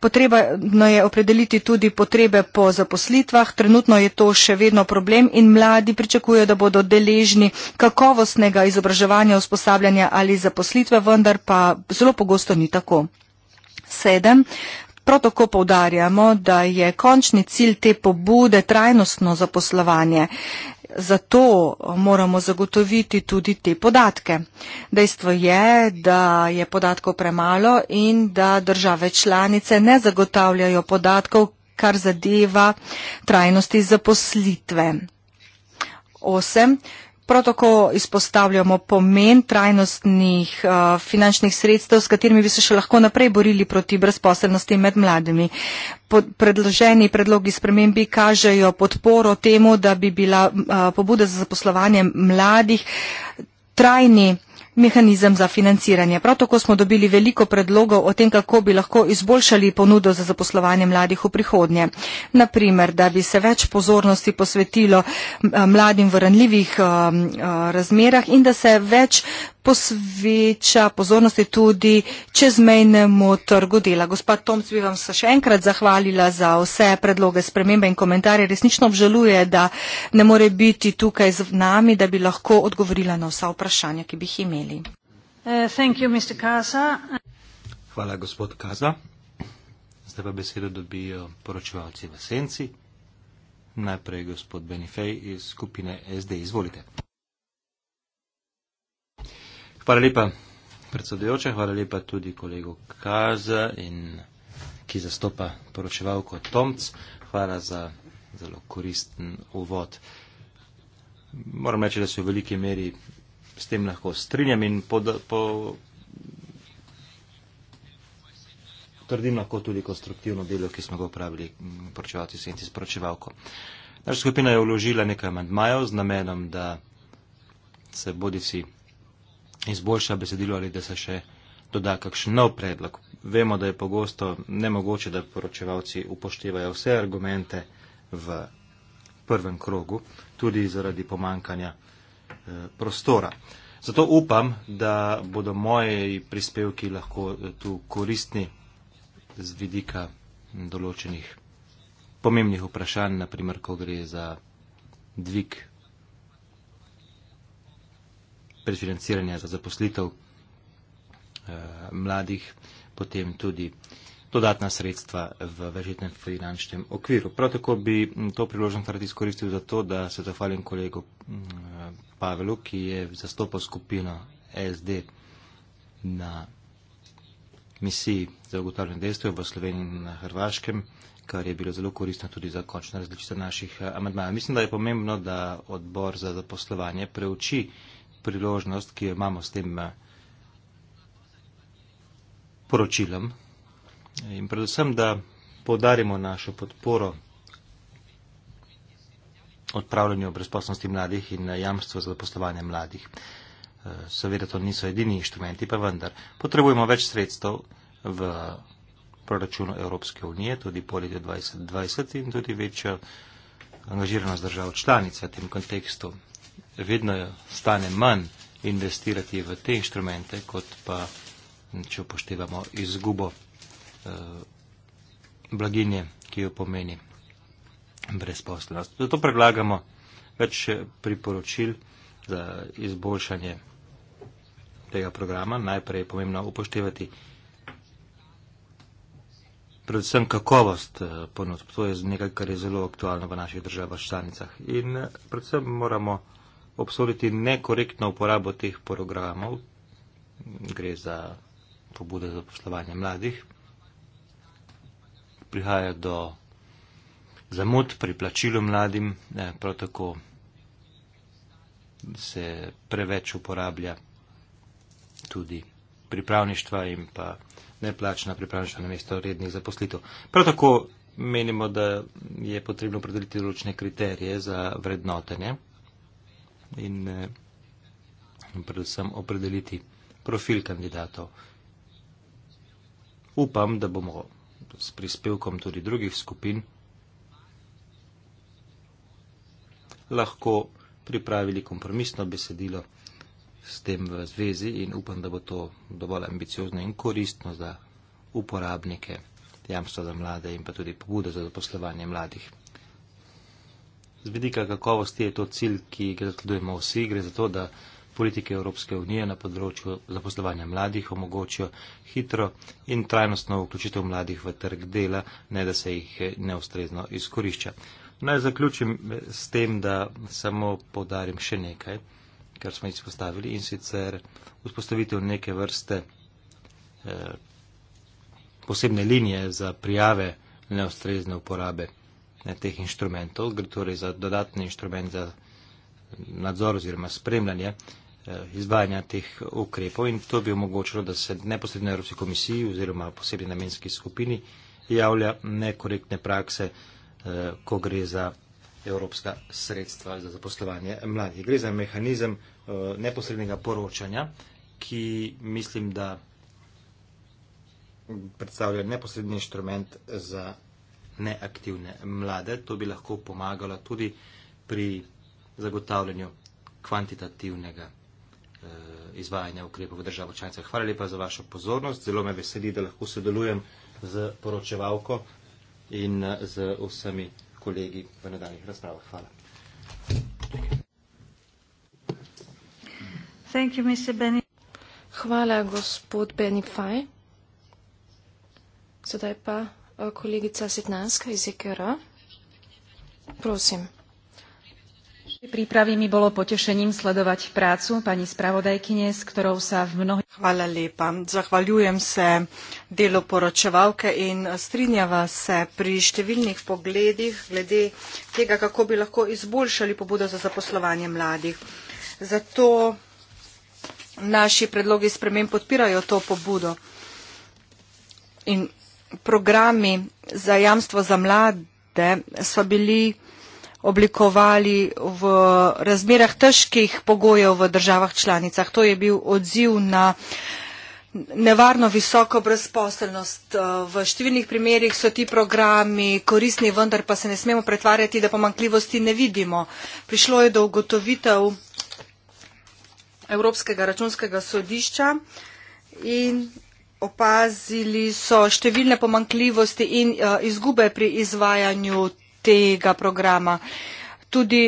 Potrebno je opredeliti tudi potrebe po zaposlitvah. Trenutno je to še vedno problem in mladi pričakujejo, da bodo deležni kakovostnega izobraževanja, usposabljanja ali zaposlitve, vendar pa zelo pogosto ni tako. Sedem. Prav tako povdarjamo, da je končni cilj te pobude trajnostno zaposlovanje. Zato moramo zagotoviti tudi te podatke. Dejstvo je, da je podatkov premalo in da države članice ne zagotavljajo podatkov, kar zadeva trajnosti zaposlitve. 8. Prav tako izpostavljamo pomen trajnostnih uh, finančnih sredstev, s katerimi bi se še lahko naprej borili proti brezposelnosti med mladimi. Pod predloženi predlogi spremembi kažejo podporo temu, da bi bila uh, pobuda za zaposlovanje mladih trajni mehanizem za financiranje. Prav tako smo dobili veliko predlogov o tem, kako bi lahko izboljšali ponudo za zaposlovanje mladih v prihodnje. Naprimer, da bi se več pozornosti posvetilo mladim v ranljivih um, uh, razmerah in da se več posveča pozornosti tudi čezmejnemu trgu dela. Gospod Tomc, bi vam se še enkrat zahvalila za vse predloge, spremembe in komentarje. Resnično obžaluje, da ne more biti tukaj z nami, da bi lahko odgovorila na vsa vprašanja, ki bi jih imeli. Uh, you, Hvala, gospod Kaza. Zdaj pa besedo dobijo poročevalci v Senci. Najprej gospod Benifej iz skupine SD. Izvolite. Hvala lepa, predsedujoča, hvala lepa tudi kolegu Kaza, in, ki zastopa poročevalko Tomc. Hvala za zelo koristen uvod. Moram reči, da se v veliki meri s tem lahko strinjam in pod, po, trdim lahko tudi konstruktivno delo, ki smo ga upravili mm, poročevalci senci s poročevalko. Naša skupina je vložila nekaj amandmajev z namenom, da se bodi si izboljša besedilo ali da se še doda kakšen nov predlog. Vemo, da je pogosto nemogoče, da poročevalci upoštevajo vse argumente v prvem krogu, tudi zaradi pomankanja eh, prostora. Zato upam, da bodo moji prispevki lahko eh, tu koristni z vidika določenih pomembnih vprašanj, naprimer, ko gre za dvig brez financiranja za zaposlitev eh, mladih, potem tudi dodatna sredstva v večjetnem finančnem okviru. Prav tako bi to priložnost rad izkoristil za to, da se zahvalim kolegu Pavelu, ki je zastopal skupino SD na misiji za ugotavljanje dejstev v Sloveniji in na Hrvaškem, kar je bilo zelo koristno tudi za končno različice naših eh, amandmajev. Mislim, da je pomembno, da odbor za zaposlovanje preuči uh, priložnost, ki jo imamo s tem eh, poročilom in predvsem, da podarimo našo podporo odpravljanju brezposobnosti mladih in eh, jamstvo za zaposlovanje mladih. Eh, seveda to niso edini inštrumenti, pa vendar potrebujemo več sredstev v proračunu Evropske unije, tudi poleg 2020 in tudi večjo angažiranost držav članic v tem kontekstu vedno stane manj investirati v te inštrumente, kot pa, če upoštevamo izgubo eh, blaginje, ki jo pomeni brezposlenost. Zato predlagamo več priporočil za izboljšanje tega programa. Najprej je pomembno upoštevati predvsem kakovost eh, ponudb. To je nekaj, kar je zelo aktualno v naših državah članicah. In eh, predvsem moramo obsoditi nekorektno uporabo teh programov, gre za pobude za poslovanje mladih, prihaja do zamud pri plačilu mladim, prav tako se preveč uporablja tudi pripravništva in pa neplačna pripravništva na mesto rednih zaposlitev. Prav tako menimo, da je potrebno predeliti določne kriterije za vrednotenje in eh, predvsem opredeliti profil kandidatov. Upam, da bomo s prispevkom tudi drugih skupin lahko pripravili kompromisno besedilo s tem v zvezi in upam, da bo to dovolj ambiciozno in koristno za uporabnike jamstva za mlade in pa tudi pobude za zaposlovanje mladih. Z vidika kakovosti je to cilj, ki ga zakladujemo vsi, gre za to, da politike Evropske unije na področju zaposlovanja mladih omogočijo hitro in trajnostno vključitev mladih v trg dela, ne da se jih neustrezno izkorišča. Naj zaključim s tem, da samo podarim še nekaj, kar smo izpostavili in sicer vzpostavitev neke vrste eh, posebne linije za prijave neustrezne uporabe ne, teh inštrumentov, gre torej za dodatni inštrument za nadzor oziroma spremljanje eh, izvajanja teh ukrepov in to bi omogočilo, da se neposredno Evropski komisiji oziroma posebni namenski skupini javlja nekorektne prakse, eh, ko gre za evropska sredstva za zaposlovanje mladih. Gre za mehanizem eh, neposrednega poročanja, ki mislim, da predstavlja neposredni inštrument za neaktivne mlade. To bi lahko pomagalo tudi pri zagotavljanju kvantitativnega eh, izvajanja ukrepov v državo članica. Hvala lepa za vašo pozornost. Zelo me veseli, da lahko sodelujem z poročevalko in eh, z vsemi kolegi v nadaljnih razpravah. Hvala. Thank you, Hvala, gospod Benny Faj. Sedaj pa Eh, kolegica Sitnanska iz EKR. Prosim. Pripravi mi bolo potešením sledovať prácu pani spravodajkine, s ktorou sa v mnohí... Hvala lepa. Zahvaljujem se delu poročevalke in strinjava se pri številnih pogledih glede tega, kako bi lahko izboljšali pobudo za zaposlovanje mladih. Zato naši predlogi spremem podpirajo to pobudo. In programi za jamstvo za mlade so bili oblikovali v razmerah težkih pogojev v državah članicah. To je bil odziv na nevarno visoko brezposelnost. V številnih primerjih so ti programi korisni, vendar pa se ne smemo pretvarjati, da pomankljivosti ne vidimo. Prišlo je do ugotovitev Evropskega računskega sodišča in opazili so številne pomankljivosti in eh, izgube pri izvajanju tega programa. Tudi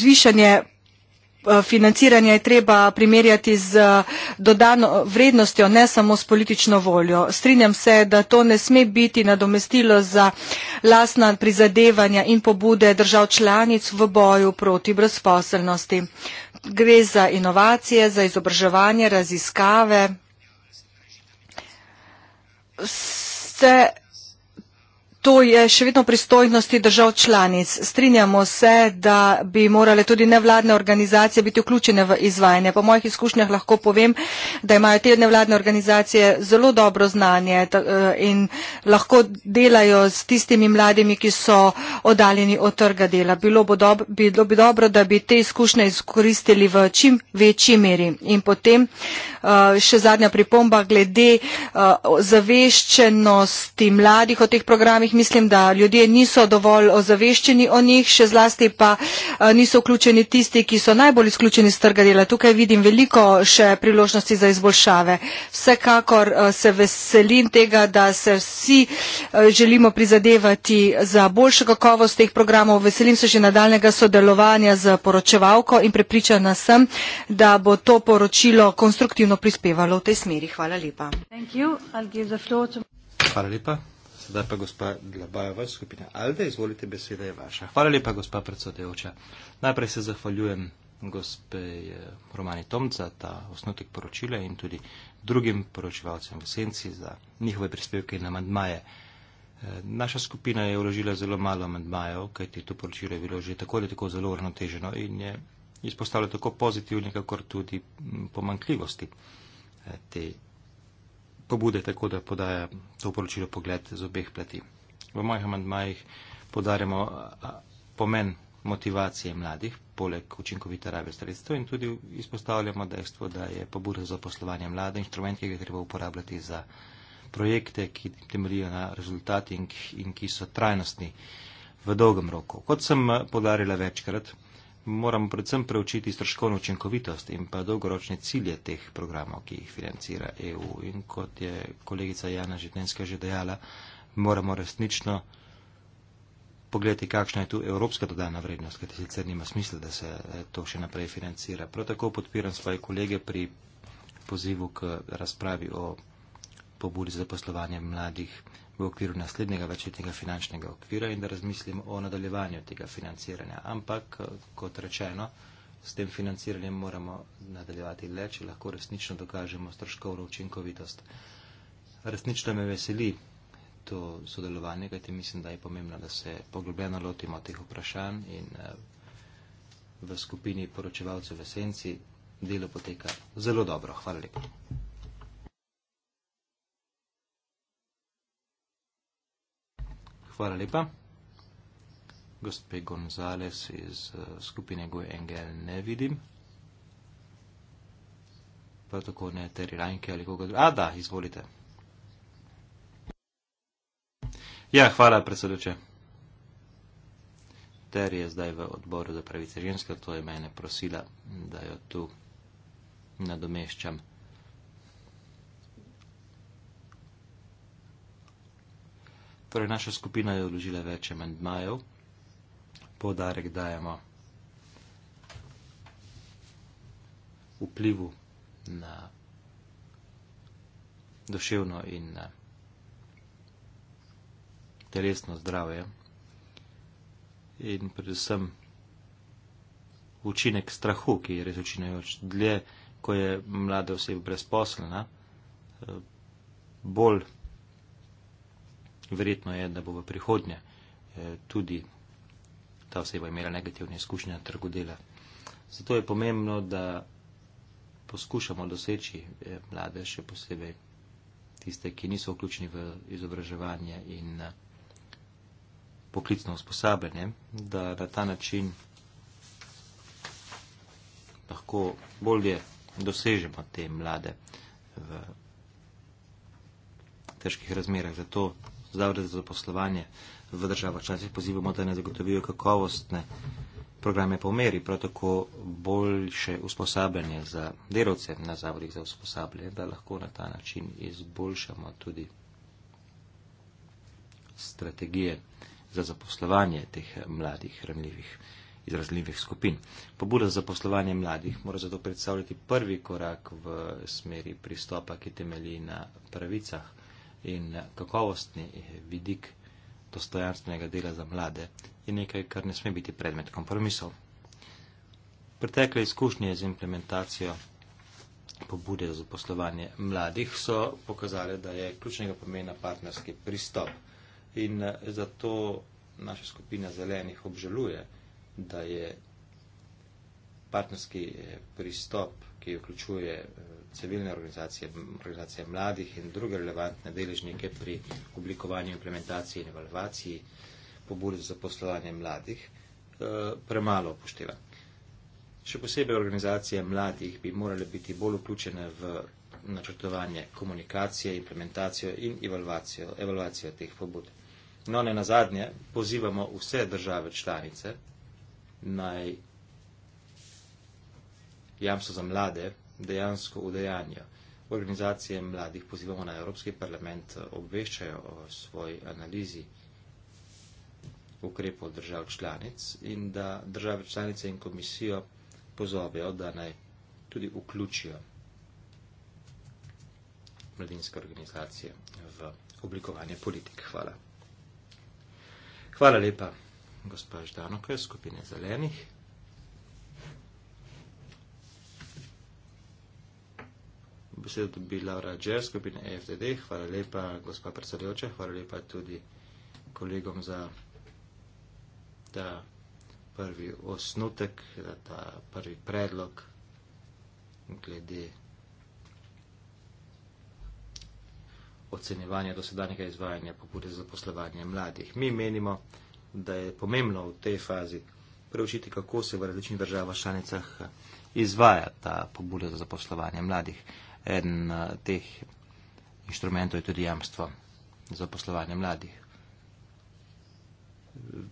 zvišanje Eh, financiranja je treba primerjati z eh, dodano vrednostjo, ne samo s politično voljo. Strinjam se, da to ne sme biti nadomestilo za lastna prizadevanja in pobude držav članic v boju proti brezposelnosti. Gre za inovacije, za izobraževanje, raziskave. Vse to je še vedno v pristojnosti držav članic. Strinjamo se, da bi morale tudi nevladne organizacije biti vključene v izvajanje. Po mojih izkušnjah lahko povem, da imajo te nevladne organizacije zelo dobro znanje eh, in lahko delajo s tistimi mladimi, ki so odaljeni od trga dela. Bilo, bo dob bilo bi dobro, da bi te izkušnje izkoristili v čim večji meri. In potem eh, še zadnja pripomba glede eh, zaveščenosti mladih o teh programih mislim, da ljudje niso dovolj ozaveščeni o njih, še zlasti pa eh, niso vključeni tisti, ki so najbolj izključeni z trga dela. Tukaj vidim veliko še priložnosti za izboljšave. Vsekakor eh, se veselim tega, da se vsi eh, želimo prizadevati za boljšo kakovost teh programov. Veselim se že nadaljnega sodelovanja z poročevalko in prepričana sem, da bo to poročilo konstruktivno prispevalo v tej smeri. Hvala lepa. Hvala lepa sedaj pa gospa Dlabajeva, skupina Alde, izvolite, beseda je vaša. Hvala lepa, gospa predsedujoča. Najprej se zahvaljujem gospe eh, Romani Tomca, ta osnotek poročila in tudi drugim poročevalcem v Senci za njihove prispevke in amandmaje. Eh, naša skupina je uložila zelo malo amandmajev, kajti to poročilo je bilo že tako ali tako zelo uravnoteženo in je izpostavljalo tako pozitivne, kakor tudi pomankljivosti eh, te pobude tako, da podaja to poročilo pogled z obeh plati. V mojih amandmajih podarjamo pomen motivacije mladih, poleg učinkovite rabe sredstva in tudi izpostavljamo dejstvo, da je pobuda za poslovanje mlade inštrument, ki ga treba uporabljati za projekte, ki temeljijo na rezultati in ki so trajnostni v dolgem roku. Kot sem podarila večkrat, moramo predvsem preučiti stroškovno učinkovitost in pa dolgoročne cilje teh programov, ki jih financira EU. In kot je kolegica Jana Žitenska že dejala, moramo resnično pogledati, kakšna je tu evropska dodana vrednost, ker sicer nima smisla, da se eh, to še naprej financira. Prav tako podpiram svoje kolege pri pozivu k razpravi o pobudi za poslovanje mladih v okviru naslednjega večletnega finančnega okvira in da razmislim o nadaljevanju tega financiranja. Ampak, eh, kot rečeno, s tem financiranjem moramo nadaljevati le, če lahko resnično dokažemo stroškovno učinkovitost. Resnično me veseli to sodelovanje, kajti mislim, da je pomembno, da se poglobljeno lotimo teh vprašanj in eh, v skupini poročevalcev v Senci delo poteka zelo dobro. Hvala lepa. Hvala lepa. Gospe Gonzales iz eh, skupine Goj Engel ne vidim. Prav tako ne Teri Rajnke ali koga drugega. A, da, izvolite. Ja, hvala, predsedoče. Ter je zdaj v odboru za pravice ženske, to je mene prosila, da jo tu nadomeščam. Torej, naša skupina je odložila več amendmajev, podarek dajemo vplivu na duševno in na telesno zdravje in predvsem učinek strahu, ki je res učinajoč. Dlje, ko je mlada oseba brezposlena, bolj Verjetno je, da bo v prihodnje eh, tudi ta oseba imela negativne izkušnje na trgu dela. Zato je pomembno, da poskušamo doseči eh, mlade, še posebej tiste, ki niso vključeni v izobraževanje in eh, poklicno usposabljanje, da na ta način lahko bolje dosežemo te mlade v težkih razmerah. Zato zavode za poslovanje v državah članicah pozivamo, da ne zagotovijo kakovostne programe po meri, prav tako boljše usposabljanje za delovce na zavodih za usposabljanje, da lahko na ta način izboljšamo tudi strategije za zaposlovanje teh mladih, hranljivih, izrazljivih skupin. Pobuda za zaposlovanje mladih mora zato predstavljati prvi korak v smeri pristopa, ki temelji na pravicah in kakovostni vidik dostojanstvenega dela za mlade je nekaj, kar ne sme biti predmet kompromisov. Pretekle izkušnje z implementacijo pobude za poslovanje mladih so pokazale, da je ključnega pomena partnerski pristop in eh, zato naša skupina zelenih obžaluje, da je partnerski eh, pristop, ki vključuje eh, civilne organizacije, organizacije mladih in druge relevantne deležnike pri oblikovanju, implementaciji in evalvaciji pobud za poslovanje mladih, eh, premalo upošteva. Še posebej organizacije mladih bi morale biti bolj vključene v načrtovanje komunikacije, implementacijo in evalvacijo, evalvacijo teh pobud. No, ne na zadnje, pozivamo vse države članice, naj jamstvo za mlade dejansko udejanja. Organizacije mladih pozivamo na Evropski parlament obveščajo o svoji analizi ukrepov držav članic in da države članice in komisijo pozovejo, da naj tudi vključijo mladinske organizacije v oblikovanje politik. Hvala. Hvala lepa, gospod Ždanoka, skupine zelenih. besedo dobi Laura Džer, skupina EFDD. Hvala lepa, gospa predsedujoča, hvala lepa tudi kolegom za ta prvi osnutek, za ta prvi predlog glede ocenjevanja dosedanjega izvajanja pobude za poslovanje mladih. Mi menimo, da je pomembno v tej fazi preučiti, kako se v različnih državah članicah izvaja ta pobuda za zaposlovanje mladih eden eh, teh inštrumentov je tudi jamstvo za poslovanje mladih.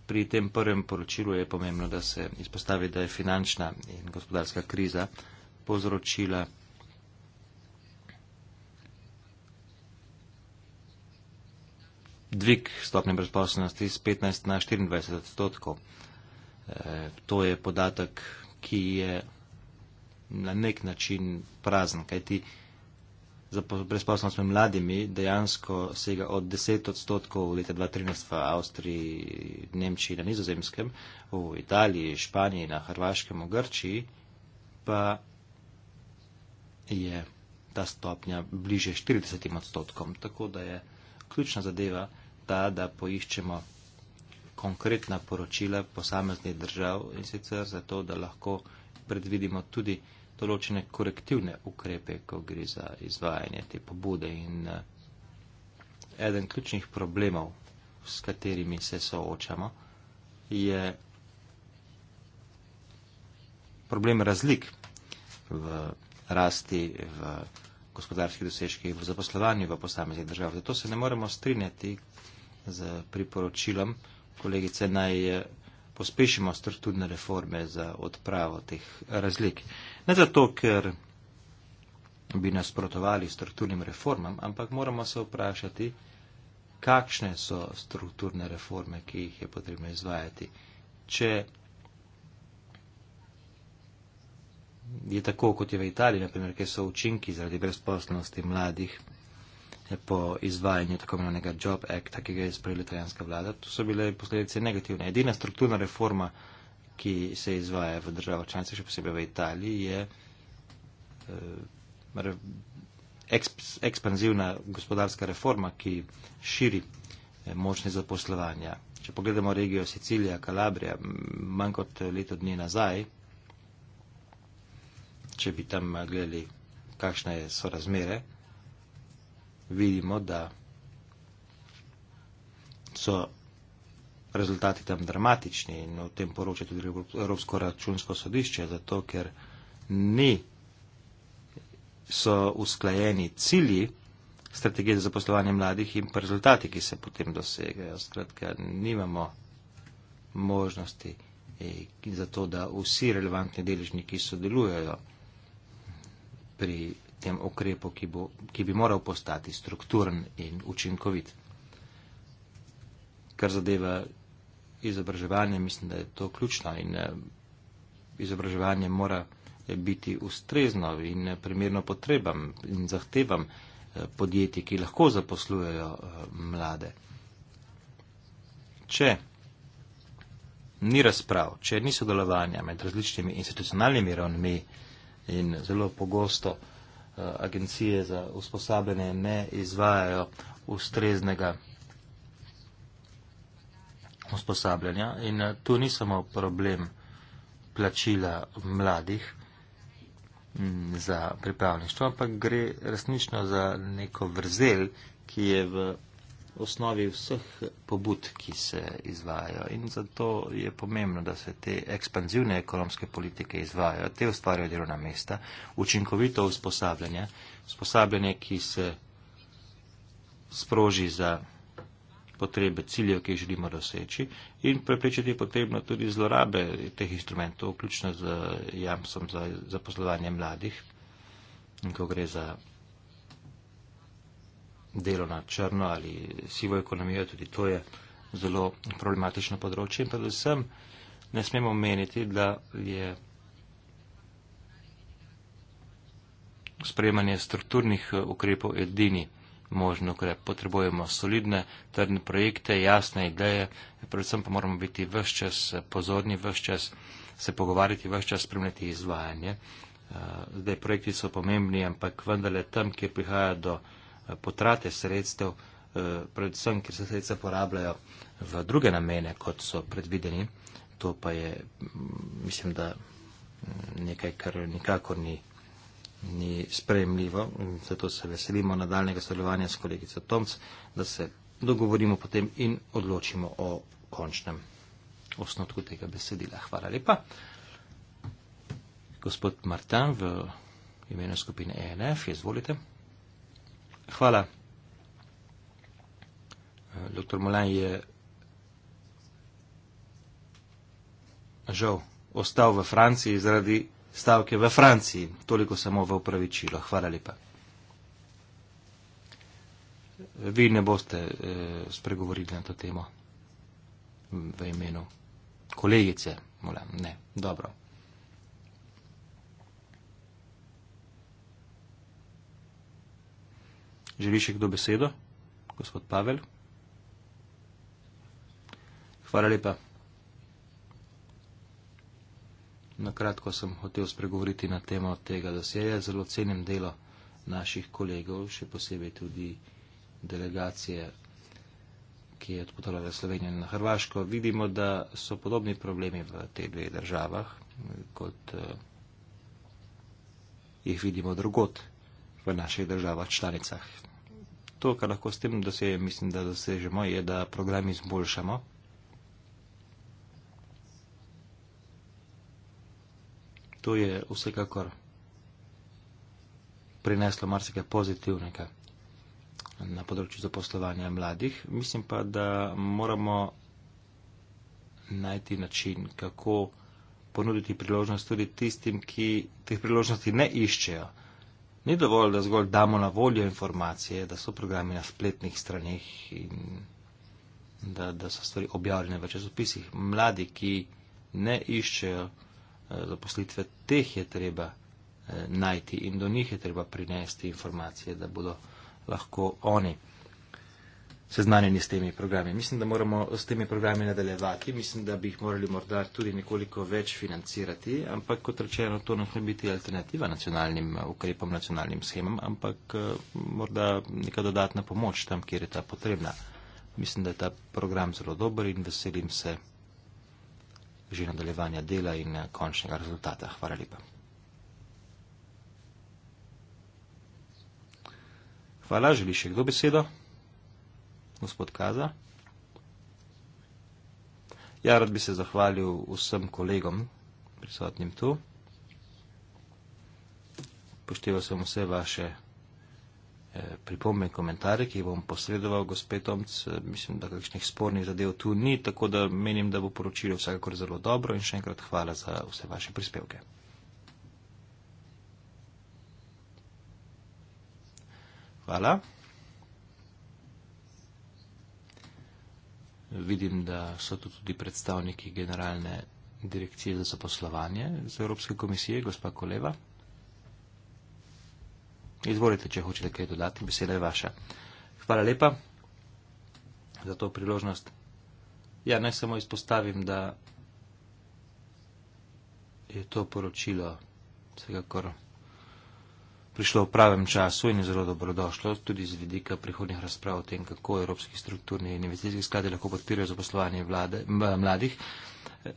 Pri tem prvem poročilu je pomembno, da se izpostavi, da je finančna in gospodarska kriza povzročila dvig stopne brezposobnosti z 15 na 24 odstotkov. Eh, to je podatek, ki je na nek način prazen, kajti za brezposobnost med mladimi dejansko sega od 10 odstotkov leta 2013 v Avstriji, Nemčiji, na Nizozemskem, v Italiji, Španiji, na Hrvaškem, v Grčiji, pa je ta stopnja bliže 40 odstotkom. Tako da je ključna zadeva ta, da poiščemo konkretna poročila posameznih držav in sicer zato, da lahko predvidimo tudi, določene korektivne ukrepe, ko gre za izvajanje te pobude in eh, eden ključnih problemov, s katerimi se soočamo, je problem razlik v rasti, v gospodarskih dosežkih, v zaposlovanju v posameznih državah. Zato se ne moremo strinjati z priporočilom kolegice naj eh, pospešimo strukturne reforme za odpravo teh razlik. Ne zato, ker bi nasprotovali strukturnim reformam, ampak moramo se vprašati, kakšne so strukturne reforme, ki jih je potrebno izvajati. Če je tako, kot je v Italiji, naprimer, ker so učinki zaradi brezposlenosti mladih po izvajanju tako imenovanega Job Acta, ki ga je sprejela italijanska vlada. To so bile posledice negativne. Edina strukturna reforma, ki se izvaja v državah članice, še posebej v Italiji, je eh, ekspanzivna gospodarska reforma, ki širi eh, močne zaposlovanja. Če pogledamo regijo Sicilija, Kalabrija, manj kot eh, leto dni nazaj, če bi tam gledali, kakšne so razmere, vidimo, da so rezultati tam dramatični in o tem poroča tudi Evropsko računsko sodišče, zato ker ni so usklajeni cilji strategije za zaposlovanje mladih in pa rezultati, ki se potem dosegajo. Skratka, nimamo možnosti eh, za to, da vsi relevantni deležniki sodelujejo pri tem ukrepu, ki, bo, ki bi moral postati strukturen in učinkovit. Kar zadeva izobraževanje, mislim, da je to ključno in eh, izobraževanje mora eh, biti ustrezno in eh, primerno potrebam in zahtevam podjetij, ki lahko zaposlujejo mlade. Če ni razprav, če ni sodelovanja med različnimi institucionalnimi ravnmi in zelo pogosto, Eh, agencije za usposabljanje ne izvajajo ustreznega usposabljanja. In eh, tu ni samo problem plačila mladih mm, za pripravništvo, ampak gre resnično za neko vrzel, ki je v osnovi vseh pobud, ki se izvajajo. In zato je pomembno, da se te ekspanzivne ekonomske politike izvajajo, te ustvarjajo delovna mesta, učinkovito usposabljanje, usposabljanje, ki se sproži za potrebe ciljev, ki jih želimo doseči in preprečiti je potrebno tudi zlorabe teh instrumentov, vključno z jamstvom za zaposlovanje mladih in ko gre za delo na črno ali sivo ekonomijo, tudi to je zelo problematično področje. In predvsem ne smemo meniti, da je sprejemanje strukturnih ukrepov edini možno ukrep. Potrebujemo solidne, trdne projekte, jasne ideje, predvsem pa moramo biti vse čas pozorni, vse čas se pogovarjati, vse čas spremljati izvajanje. Eh, zdaj, projekti so pomembni, ampak vendarle tam, kjer prihaja do Eh, potrate sredstev, eh, predvsem, ker se sredstva porabljajo v druge namene, kot so predvideni. To pa je, mm, mislim, da mm, nekaj, kar nikako ni, ni sprejemljivo. Zato se veselimo nadaljnega sodelovanja s kolegico Tomc, da se dogovorimo potem in odločimo o končnem osnotku tega besedila. Hvala lepa. Gospod Martin v imenu skupine ENF, izvolite. Hvala. Doktor Molan je žal ostal v Franciji zaradi stavke v Franciji. Toliko samo v upravičilo. Hvala lepa. Vi ne boste eh, spregovorili na to temo v imenu kolegice, molim, ne, dobro. Želi še kdo besedo? Gospod Pavel. Hvala lepa. Na kratko sem hotel spregovoriti na temo tega, da se je zelo cenim delo naših kolegov, še posebej tudi delegacije, ki je odpotovala v Slovenijo in na Hrvaško. Vidimo, da so podobni problemi v teh dveh državah, kot eh, jih vidimo drugot v naših državah članicah to, kar lahko s tem dosežemo, mislim, da dosežemo, je, da program izboljšamo. To je vsekakor prineslo marsikaj pozitivnega na področju zaposlovanja mladih. Mislim pa, da moramo najti način, kako ponuditi priložnost tudi tistim, ki teh priložnosti ne iščejo. Ni dovolj, da zgolj damo na voljo informacije, da so programi na spletnih straneh in da, da so stvari objavljene v časopisih. Mladi, ki ne iščejo eh, zaposlitve, teh je treba eh, najti in do njih je treba prinesti informacije, da bodo lahko oni seznanjeni s temi programi. Mislim, da moramo s temi programi nadaljevati, mislim, da bi jih morali morda tudi nekoliko več financirati, ampak kot rečeno, to ne sme biti alternativa nacionalnim ukrepom, nacionalnim schemam, ampak eh, morda neka dodatna pomoč tam, kjer je ta potrebna. Mislim, da je ta program zelo dober in veselim se že nadaljevanja dela in eh, končnega rezultata. Hvala lepa. Hvala, želi še kdo besedo? gospod Kaza. Ja, rad bi se zahvalil vsem kolegom prisotnim tu. Pošteval sem vse vaše eh, pripombe in komentarje, ki bom posredoval gospe Tomc. Eh, mislim, da kakšnih spornih zadev tu ni, tako da menim, da bo poročilo vsakakor zelo dobro in še enkrat hvala za vse vaše prispevke. Hvala. Vidim, da so tu tudi predstavniki generalne direkcije za zaposlovanje z Evropske komisije, gospa Koleva. Izvolite, če hočete kaj dodati, beseda je vaša. Hvala lepa za to priložnost. Ja, naj samo izpostavim, da je to poročilo vsekakor prišlo v pravem času in je zelo dobrodošlo, tudi z vidika prihodnih razprav o tem, kako evropski strukturni in investicijski skladi lahko podpirajo zaposlovanje mladih.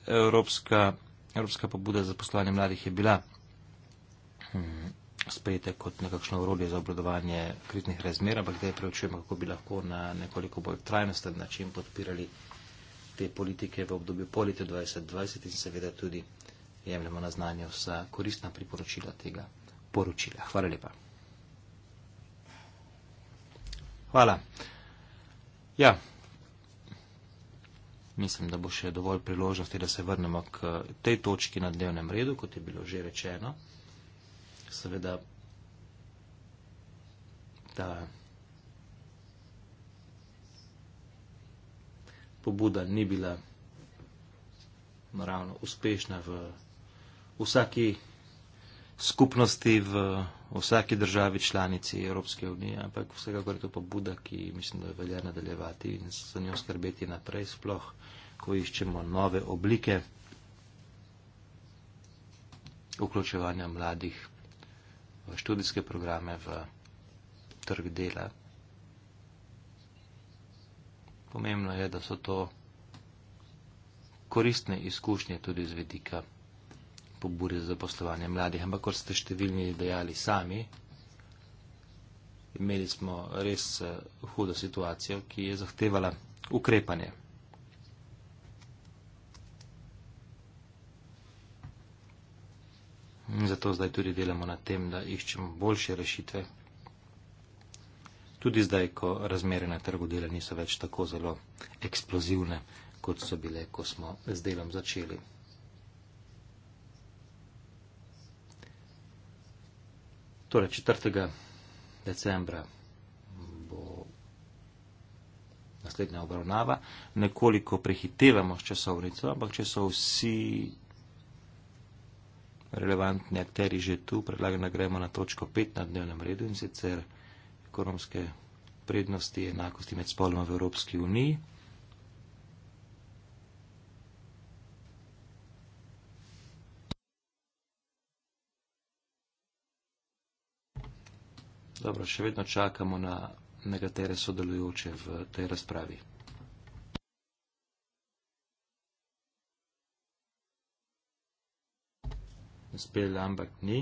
Evropska, evropska pobuda za poslovanje mladih je bila hmm, sprejeta kot nekakšno urodje za obladovanje kritnih razmer, ampak zdaj preučujemo, kako bi lahko na nekoliko bolj trajnosten način podpirali te politike v obdobju polite 2020 in seveda tudi jemljemo na znanje vsa koristna priporočila tega poročila. Hvala lepa. Hvala. Ja, mislim, da bo še dovolj priložnosti, da se vrnemo k tej točki na dnevnem redu, kot je bilo že rečeno. Seveda, ta pobuda ni bila naravno uspešna v vsaki skupnosti v vsaki državi članici Evropske unije, ampak vsekakor je to pobuda, ki mislim, da je velja nadaljevati in za njo skrbeti naprej, sploh ko iščemo nove oblike vključevanja mladih v študijske programe, v trg dela. Pomembno je, da so to koristne izkušnje tudi z vidika pobude za poslovanje mladih, ampak kot ste številni dejali sami, imeli smo res eh, hudo situacijo, ki je zahtevala ukrepanje. In zato zdaj tudi delamo na tem, da iščemo boljše rešitve. Tudi zdaj, ko razmere na trgu dela niso več tako zelo eksplozivne, kot so bile, ko smo z delom začeli. Torej, 4. decembra bo naslednja obravnava. Nekoliko prehitevamo s časovnico, ampak če so vsi relevantni akteri že tu, predlagam, da gremo na točko 5 na dnevnem redu in sicer ekonomske prednosti enakosti med spoloma v Evropski uniji. Dobro, še vedno čakamo na nekatere sodelujoče v tej razpravi. Spel ampak ni.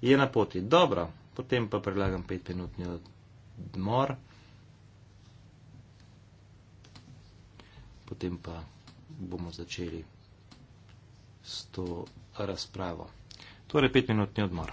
Je na poti. Dobro, potem pa predlagam petminutni odmor. Potem pa bomo začeli s to razpravo torej petminutni odmor.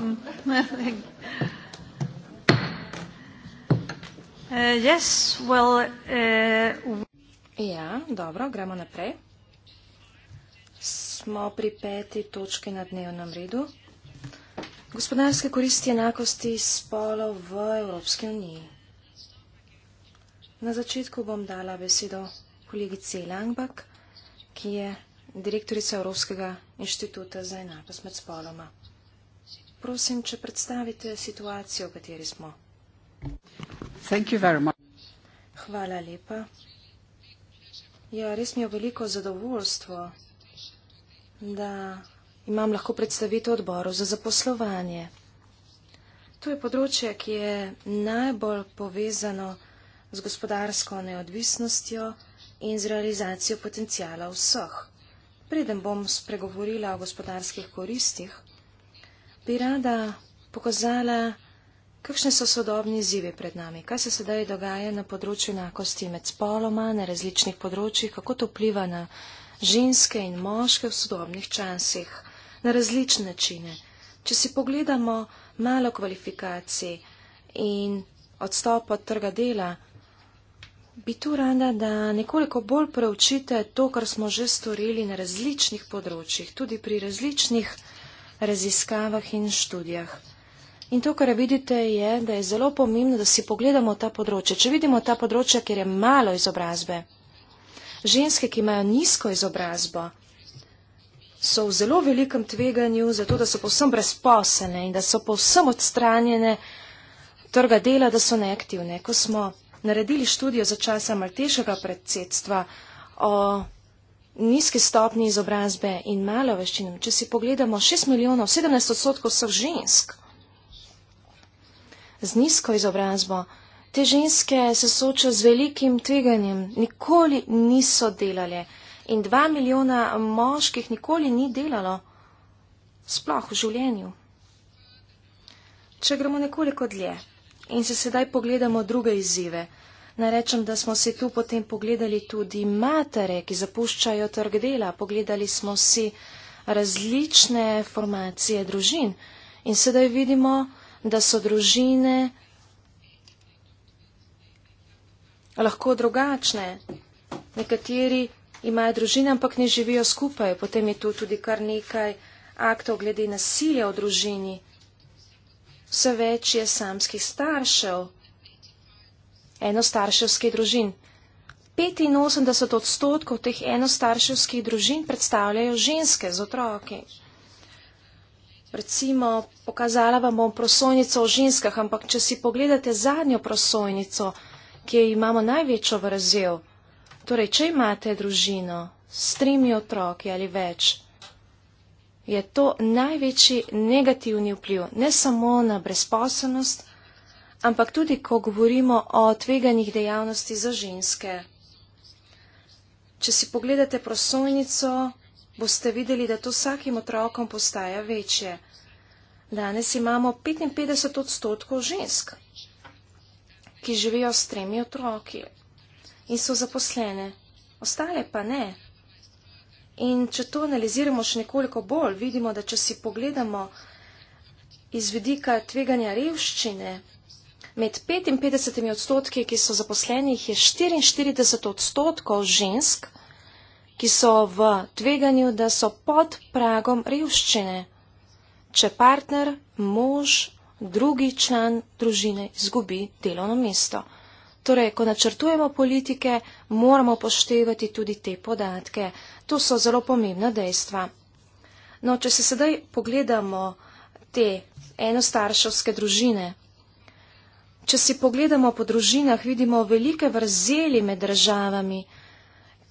uh, yes, well, uh, ja, dobro, gremo naprej. Smo pri peti točki na dnevnem redu. Gospodarske koristi enakosti spolov v Evropski uniji. Na začetku bom dala besedo kolegici Langbak, ki je direktorica Evropskega inštituta za enakost med spoloma. Prosim, če predstavite situacijo, v kateri smo. Hvala lepa. Ja, res mi je veliko zadovoljstvo, da imam lahko predstavitev odboru za zaposlovanje. To je področje, ki je najbolj povezano z gospodarsko neodvisnostjo in z realizacijo potencijala vseh. Preden bom spregovorila o gospodarskih koristih, bi rada pokazala, kakšne so sodobni izzivi pred nami, kaj se sedaj dogaja na področju enakosti med spoloma, na različnih področjih, kako to vpliva na ženske in moške v sodobnih časih, na različne načine. Če si pogledamo malo kvalifikacij in odstop od trga dela, bi tu rada, da nekoliko bolj preučite to, kar smo že storili na različnih področjih, tudi pri različnih raziskavah in študijah. In to, kar vidite, je, da je zelo pomembno, da si pogledamo ta področja. Če vidimo ta področja, kjer je malo izobrazbe, ženske, ki imajo nizko izobrazbo, so v zelo velikem tveganju za to, da so povsem brezposelne in da so povsem odstranjene trga dela, da so neaktivne. Ko smo naredili študijo za časa malteškega predsedstva o nizki stopni izobrazbe in malo veščinem. Če si pogledamo, 6 milijonov, 17 odstotkov so žensk z nizko izobrazbo. Te ženske se soča z velikim tveganjem, nikoli niso delale in 2 milijona moških nikoli ni delalo, sploh v življenju. Če gremo nekoliko dlje in se sedaj pogledamo druge izzive. Narečem, da smo si tu potem pogledali tudi matere, ki zapuščajo trg dela, pogledali smo si različne formacije družin in sedaj vidimo, da so družine lahko drugačne. Nekateri imajo družine, ampak ne živijo skupaj. Potem je tu tudi kar nekaj aktov glede nasilja v družini. Vse več je samskih staršev enostarševskih družin. 85 odstotkov teh enostarševskih družin predstavljajo ženske z otroki. Recimo, pokazala vam bom prosojnico o ženskah, ampak če si pogledate zadnjo prosojnico, ki jo imamo največjo vrzel, torej, če imate družino s trimi otroki ali več, je to največji negativni vpliv, ne samo na brezposobnost, ampak tudi, ko govorimo o tveganjih dejavnosti za ženske. Če si pogledate prosojnico, boste videli, da to vsakim otrokom postaja večje. Danes imamo 55 odstotkov žensk, ki živijo s tremi otroki in so zaposlene, ostale pa ne. In če to analiziramo še nekoliko bolj, vidimo, da če si pogledamo iz vidika tveganja revščine, Med 55 odstotki, ki so zaposlenih, je 44 odstotkov žensk, ki so v tveganju, da so pod pragom revščine, če partner, mož, drugi član družine izgubi delovno mesto. Torej, ko načrtujemo politike, moramo poštevati tudi te podatke. To so zelo pomembna dejstva. No, če se sedaj pogledamo te enostarševske družine, Če si pogledamo po družinah, vidimo velike vrzeli med državami.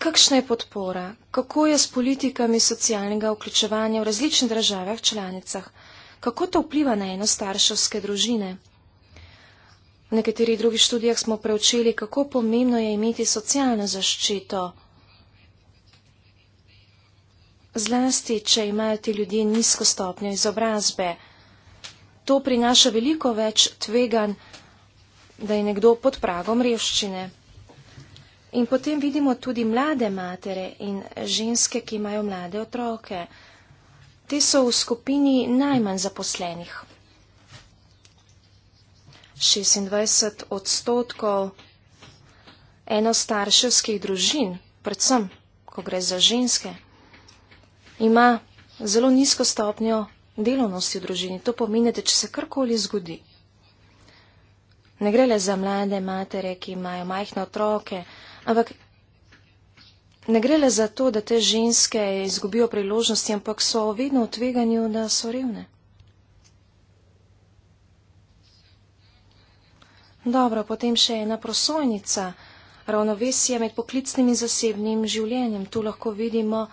Kakšna je podpora? Kako je s politikami socialnega vključevanja v različnih državah članicah? Kako to vpliva na enostarševske družine? V nekaterih drugih študijah smo preučili, kako pomembno je imeti socialno zaščito. Zlasti, če imajo ti ljudje nizko stopnjo izobrazbe. To prinaša veliko več tveganj da je nekdo pod pragom revščine. In potem vidimo tudi mlade matere in ženske, ki imajo mlade otroke. Te so v skupini najmanj zaposlenih. 26 odstotkov enostarševskih družin, predvsem, ko gre za ženske, ima zelo nizko stopnjo delovnosti v družini. To pomeni, da če se karkoli zgodi, ne gre le za mlade matere, ki imajo majhne otroke, ampak ne gre le za to, da te ženske izgubijo priložnosti, ampak so vedno v tveganju, da so revne. Dobro, potem še ena prosojnica, ravnovesje med poklicnim in zasebnim življenjem. Tu lahko vidimo,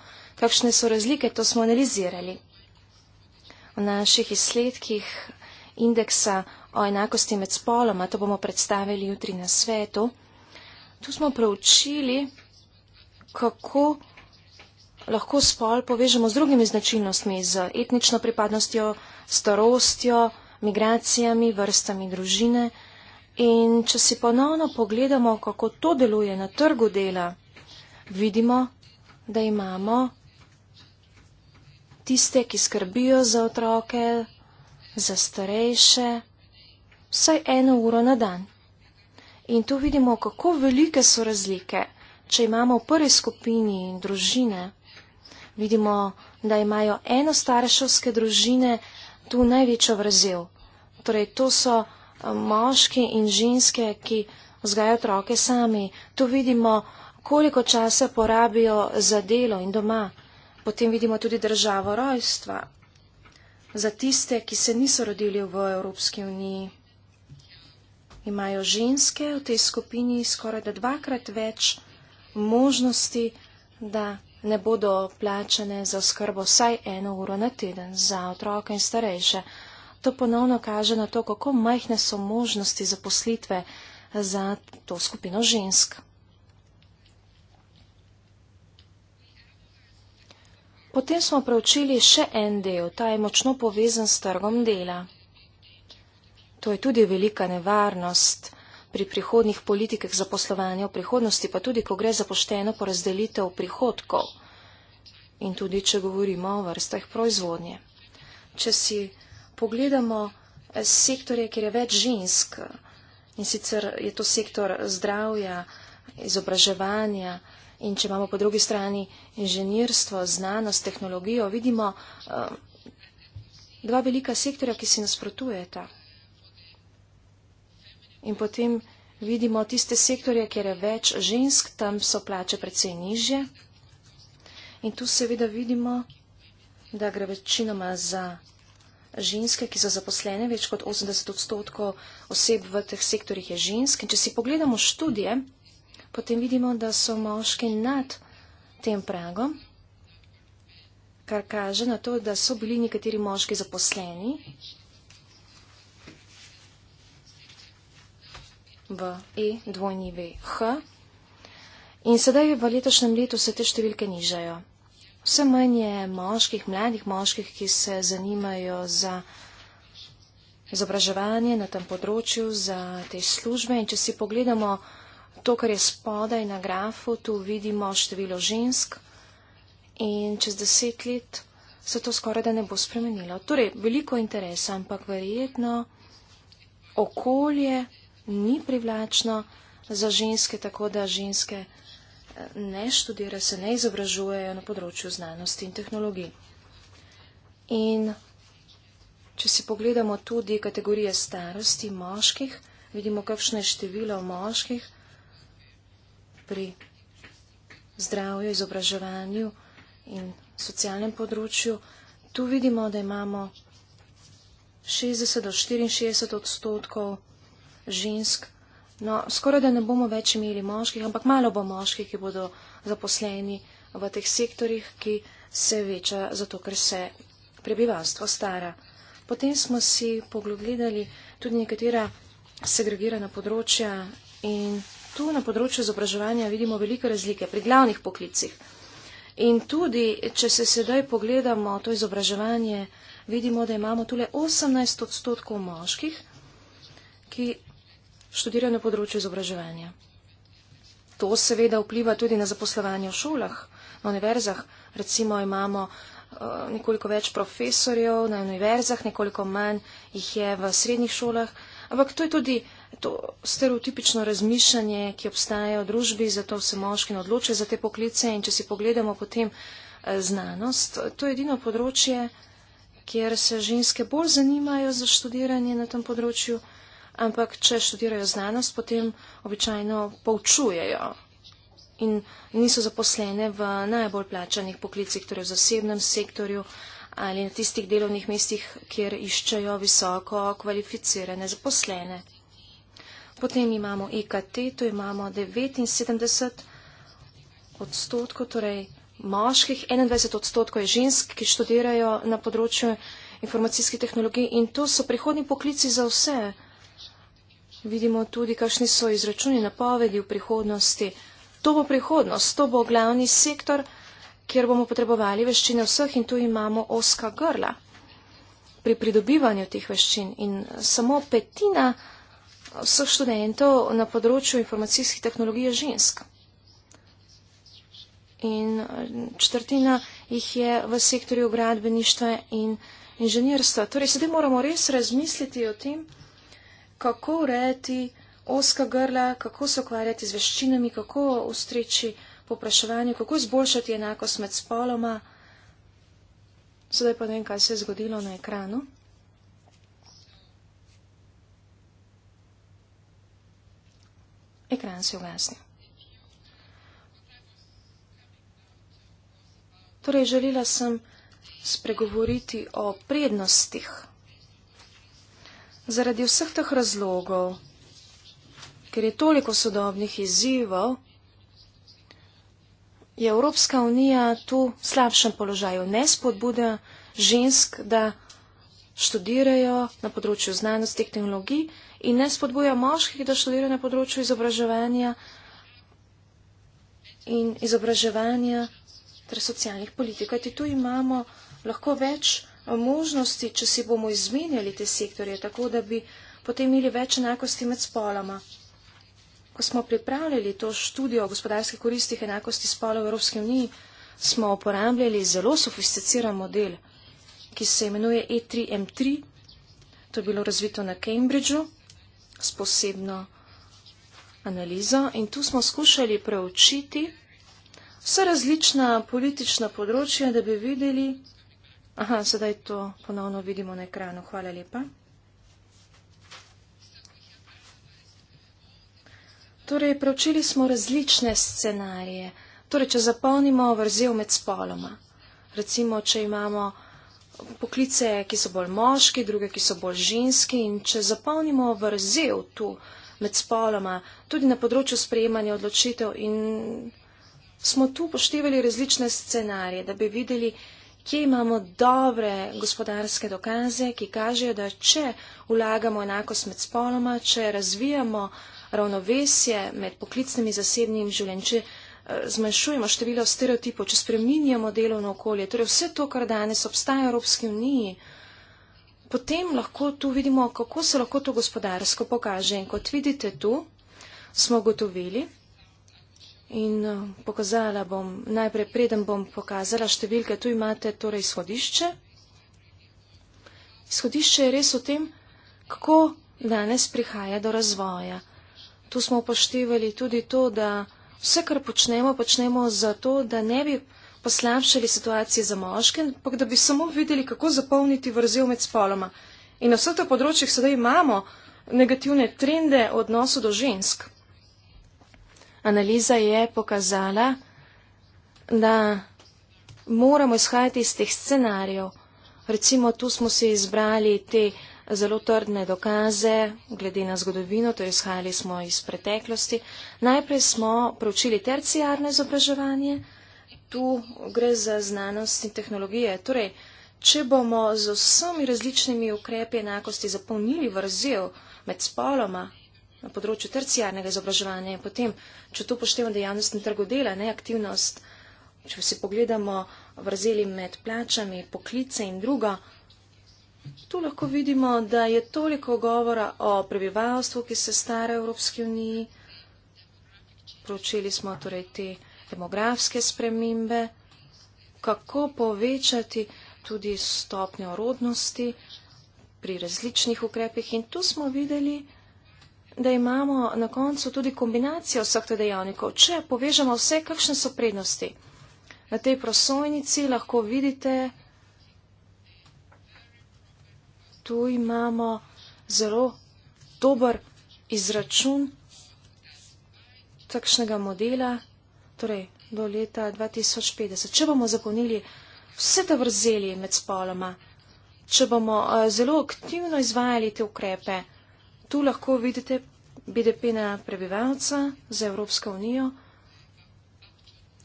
kakšne so razlike, to smo analizirali. V naših izsledkih indeksa o enakosti med spoloma, to bomo predstavili jutri na svetu. Tu smo preučili, kako lahko spol povežemo z drugimi značilnostmi, z etnično pripadnostjo, starostjo, migracijami, vrstami družine. In če si ponovno pogledamo, kako to deluje na trgu dela, vidimo, da imamo tiste, ki skrbijo za otroke, za starejše vsaj eno uro na dan. In tu vidimo, kako velike so razlike, če imamo v prvi skupini družine. Vidimo, da imajo enostarševske družine tu največjo vrzel. Torej, to so eh, moški in ženske, ki vzgajajo otroke sami. Tu vidimo, koliko časa porabijo za delo in doma. Potem vidimo tudi državo rojstva, za tiste, ki se niso rodili v Evropski uniji. Imajo ženske v tej skupini skoraj da dvakrat več možnosti, da ne bodo plačane za skrbo vsaj eno uro na teden za otroke in starejše. To ponovno kaže na to, kako majhne so možnosti zaposlitve za to skupino žensk. Potem smo preučili še en del, ta je močno povezan s trgom dela. To je tudi velika nevarnost pri prihodnih politikah zaposlovanja v prihodnosti, pa tudi, ko gre za pošteno porazdelitev prihodkov in tudi, če govorimo o vrstah proizvodnje. Če si pogledamo eh, sektorje, kjer je več žensk, in sicer je to sektor zdravja, izobraževanja, In če imamo po drugi strani inženirstvo, znanost, tehnologijo, vidimo eh, dva velika sektorja, ki si nasprotujeta. In potem vidimo tiste sektorje, kjer je več žensk, tam so plače precej nižje. In tu seveda vidimo, da gre večinoma za ženske, ki so zaposlene, več kot 80 odstotkov oseb v teh sektorjih je žensk. In če si pogledamo študije, potem vidimo, da so moški nad tem pragom, kar kaže na to, da so bili nekateri moški zaposleni v E-dvojnivih. In sedaj v letošnjem letu se te številke nižajo. Vse manj je moških, mladih moških, ki se zanimajo za izobraževanje na tem področju, za te službe. In če si pogledamo, to, kar je spodaj na grafu, tu vidimo število žensk in čez deset let se to skoraj da ne bo spremenilo. Torej, veliko interesa, ampak verjetno okolje ni privlačno za ženske, tako da ženske eh, ne študirajo, se ne izobražujejo na področju znanosti in tehnologij. In če si pogledamo tudi kategorije starosti moških, vidimo, kakšno je število moških, pri zdravju, izobraževanju in socialnem področju. Tu vidimo, da imamo 60 do 64 odstotkov žensk. No, skoraj da ne bomo več imeli moških, ampak malo bo moških, ki bodo zaposleni v teh sektorjih, ki se veča zato, ker se prebivalstvo stara. Potem smo si pogledali tudi nekatera segregirana področja in tu na področju izobraževanja vidimo velike razlike pri glavnih poklicih. In tudi, če se sedaj pogledamo to izobraževanje, vidimo, da imamo tu le 18 odstotkov moških, ki študirajo na področju izobraževanja. To seveda vpliva tudi na zaposlovanje v šolah, na univerzah. Recimo imamo eh, nekoliko več profesorjev na univerzah, nekoliko manj jih je v srednjih šolah, ampak to je tudi to stereotipično razmišljanje, ki obstaja v družbi, zato se moški odloče za te poklice in če si pogledamo potem eh, znanost, to je edino področje, kjer se ženske bolj zanimajo za študiranje na tem področju, ampak če študirajo znanost, potem običajno poučujejo in niso zaposlene v najbolj plačanih poklicih, torej v zasebnem sektorju ali na tistih delovnih mestih, kjer iščejo visoko kvalificirane zaposlene. Potem imamo IKT, e tu imamo 79 odstotkov, torej moških, 21 odstotkov je žensk, ki študirajo na področju informacijskih tehnologij in to so prihodni poklici za vse. Vidimo tudi, kakšni so izračuni napovedi v prihodnosti. To bo prihodnost, to bo glavni sektor, kjer bomo potrebovali veščine vseh in tu imamo oska grla pri pridobivanju teh veščin. In samo petina vseh študentov na področju informacijskih tehnologij je žensk. In eh, četrtina jih je v sektorju gradbeništva in inženirstva. Torej, sedaj moramo res razmisliti o tem, kako urejati oska grla, kako se ukvarjati z veščinami, kako ustreči poprašovanju, kako izboljšati enakost med spoloma. Sedaj pa ne vem, kaj se je zgodilo na ekranu. Ekran se ugasne. Torej, želela sem spregovoriti o prednostih. Zaradi vseh teh razlogov, ker je toliko sodobnih izzivov, je Evropska unija tu v slabšem položaju. Ne spodbuda žensk, da študirajo na področju znanosti in tehnologij in ne spodbuja moških, da študirajo na področju izobraževanja in izobraževanja ter socialnih politik. Kajti tu imamo lahko več eh, možnosti, če si bomo izmenjali te sektorje, tako da bi potem imeli več enakosti med spoloma. Ko smo pripravljali to študijo o gospodarskih koristih enakosti spolov v Evropski uniji, smo uporabljali zelo sofisticiran model ki se imenuje E3M3. To je bilo razvito na Cambridgeu s posebno analizo in tu smo skušali preučiti vse različna politična področja, da bi videli. Aha, sedaj to ponovno vidimo na ekranu. Hvala lepa. Torej, preučili smo različne scenarije. Torej, če zapolnimo vrzel med spoloma. Recimo, če imamo poklice, ki so bolj moški, druge, ki so bolj ženski in če zapolnimo vrzel tu med spoloma, tudi na področju sprejemanja odločitev in smo tu poštevali različne scenarije, da bi videli, kje imamo dobre gospodarske dokaze, ki kažejo, da če vlagamo enakost med spoloma, če razvijamo ravnovesje med poklicnim in zasebnim življenjem, zmanjšujemo število stereotipov, če spreminjamo delovno okolje, torej vse to, kar danes obstaja v Evropski uniji, potem lahko tu vidimo, kako se lahko to gospodarsko pokaže. In kot vidite tu, smo gotovili in eh, pokazala bom, najprej preden bom pokazala številke, tu imate torej izhodišče. Izhodišče je res v tem, kako danes prihaja do razvoja. Tu smo upoštevali tudi to, da vse, kar počnemo, počnemo zato, da ne bi poslabšali situacije za moške, ampak da bi samo videli, kako zapolniti vrzel med spoloma. In na vseh teh področjih sedaj imamo negativne trende v odnosu do žensk. Analiza je pokazala, da moramo izhajati iz teh scenarijev. Recimo, tu smo se izbrali te zelo trdne dokaze glede na zgodovino, to izhajali smo iz preteklosti. Najprej smo pročili tercijarno izobraževanje, tu gre za znanost in tehnologije. Torej, če bomo z vsemi različnimi ukrepi enakosti zapolnili vrzel med spoloma na področju tercijarnega izobraževanja in potem, če to poštevamo dejavnost in trgu dela, neaktivnost, če si pogledamo vrzeli med plačami, poklice in drugo, Tu lahko vidimo, da je toliko govora o prebivalstvu, ki se stara v Evropski uniji. Pročili smo torej te demografske spremembe, kako povečati tudi stopnjo rodnosti pri različnih ukrepih. In tu smo videli, da imamo na koncu tudi kombinacijo vseh teh dejavnikov. Če povežemo vse, kakšne so prednosti. Na tej prosojnici lahko vidite, tu imamo zelo dober izračun takšnega modela, torej do leta 2050. Če bomo zapolnili vse te vrzeli med spoloma, če bomo eh, zelo aktivno izvajali te ukrepe, tu lahko vidite BDP na prebivalca za Evropsko unijo,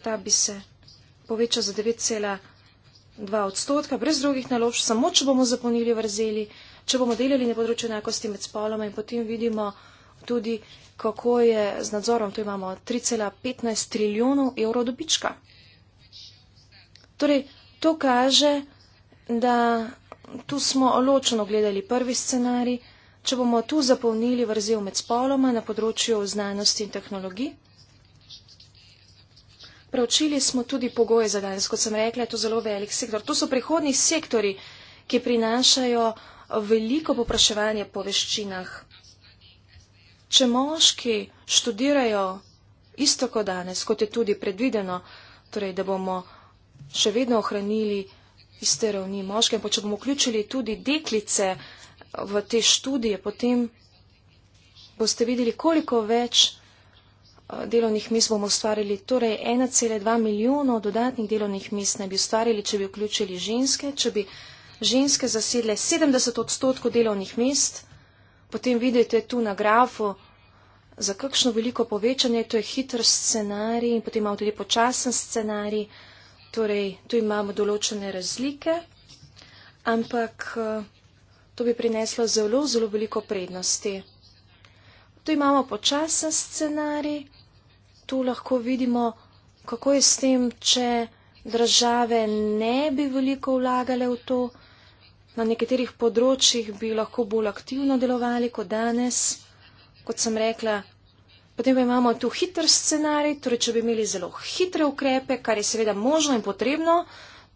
ta bi se povečal za 9,5 2 odstotka, brez drugih naložb, samo če bomo zapolnili vrzeli, če bomo delali na področju enakosti med spoloma in potem vidimo tudi, kako je z nadzorom, tu imamo 3,15 trilijonov evrov dobička. Torej, to kaže, da tu smo ločeno gledali prvi scenarij, če bomo tu zapolnili vrzel med spoloma na področju znanosti in tehnologiji. Preučili smo tudi pogoje za danes, kot sem rekla, je to zelo velik sektor. To so prihodni sektori, ki prinašajo veliko popraševanje po veščinah. Če moški študirajo isto kot danes, kot je tudi predvideno, torej da bomo še vedno ohranili iste ravni moške, pa če bomo vključili tudi deklice v te študije, potem boste videli, koliko več delovnih mest bomo ustvarili, torej 1,2 milijona dodatnih delovnih mest ne bi ustvarili, če bi vključili ženske, če bi ženske zasedle 70 odstotkov delovnih mest, potem vidite tu na grafu, za kakšno veliko povečanje, to je hiter scenarij in potem imamo tudi počasen scenarij, torej tu imamo določene razlike, ampak to bi prineslo zelo, zelo veliko prednosti. Tu imamo počasen scenarij tu lahko vidimo, kako je s tem, če države ne bi veliko vlagale v to, na nekaterih področjih bi lahko bolj aktivno delovali kot danes, kot sem rekla. Potem pa imamo tu hiter scenarij, torej če bi imeli zelo hitre ukrepe, kar je seveda možno in potrebno,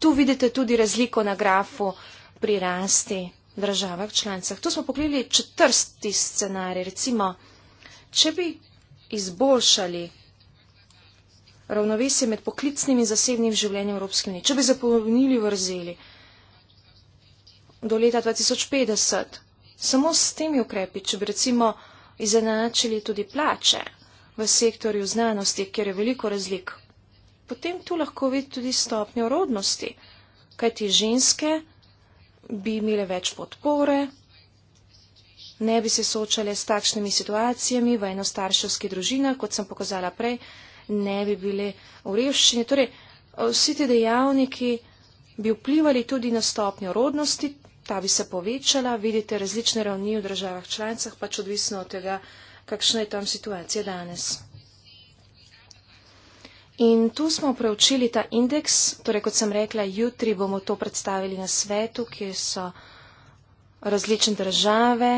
tu vidite tudi razliko na grafu pri rasti državah članicah. Tu smo pokrili četrsti scenarij, recimo, če bi izboljšali ravnovesje med poklicnim in zasebnim življenjem Evropske unije. Če bi zapolnili vrzeli do leta 2050, samo s temi ukrepi, če bi recimo izenačili tudi plače v sektorju znanosti, kjer je veliko razlik, potem tu lahko vidi tudi stopnjo rodnosti, kajti ženske bi imele več podpore, ne bi se soočale s takšnimi situacijami v enostarševski družina, kot sem pokazala prej, ne bi bile v revščini. Torej, vsi ti dejavniki bi vplivali tudi na stopnjo rodnosti, ta bi se povečala, vidite različne ravni v državah članicah, pač odvisno od tega, kakšna je tam situacija danes. In tu smo preučili ta indeks, torej kot sem rekla, jutri bomo to predstavili na svetu, kje so različne države,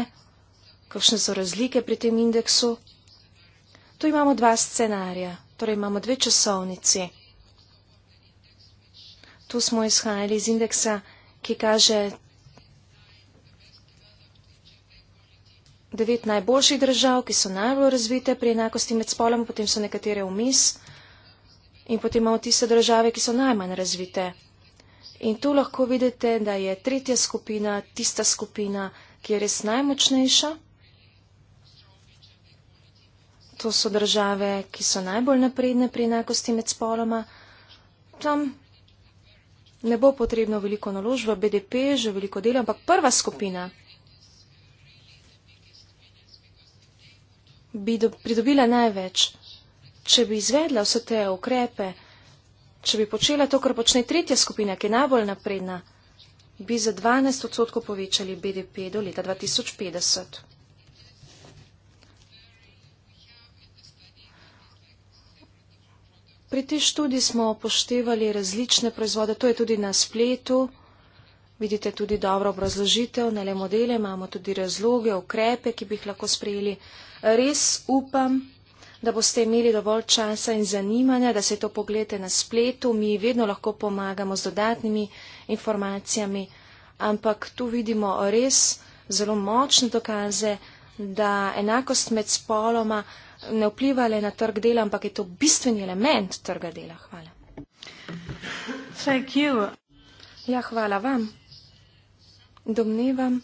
kakšne so razlike pri tem indeksu. Tu imamo dva scenarija. Torej imamo dve časovnici. Tu smo izhajali iz indeksa, ki kaže devet najboljših držav, ki so najbolj razvite pri enakosti med spolom, potem so nekatere vmes in potem imamo tiste države, ki so najmanj razvite. In tu lahko vidite, da je tretja skupina tista skupina, ki je res najmočnejša to so države, ki so najbolj napredne pri enakosti med spoloma, tam ne bo potrebno veliko nalož v BDP, že veliko dela, ampak prva skupina bi pridobila največ, če bi izvedla vse te ukrepe, če bi počela to, kar počne tretja skupina, ki je najbolj napredna, bi za 12 odstotkov povečali BDP do leta 2050. Pri tej študiji smo upoštevali različne proizvode, to je tudi na spletu. Vidite tudi dobro obrazložitev, ne le modele, imamo tudi razloge, ukrepe, ki bi jih lahko sprejeli. Res upam, da boste imeli dovolj časa in zanimanja, da se to poglede na spletu. Mi vedno lahko pomagamo z dodatnimi informacijami, ampak tu vidimo res zelo močne dokaze, da enakost med spoloma ne vpliva le na trg dela, ampak je to bistveni element trga dela. Hvala. Ja, hvala vam. Domnevam,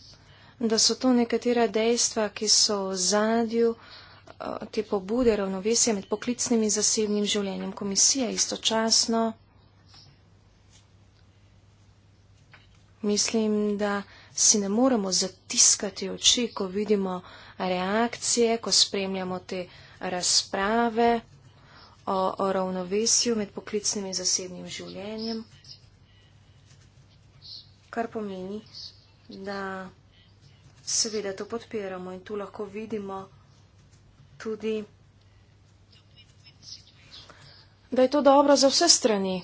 da so to nekatera dejstva, ki so v zadju eh, te pobude ravnovesja med poklicnim in zasebnim življenjem komisije istočasno. Mislim, da si ne moremo zatiskati oči, ko vidimo reakcije, ko spremljamo te reakcije razprave o, o ravnovesju med poklicnim in zasebnim življenjem, kar pomeni, da seveda to podpiramo in tu lahko vidimo tudi, da je to dobro za vse strani.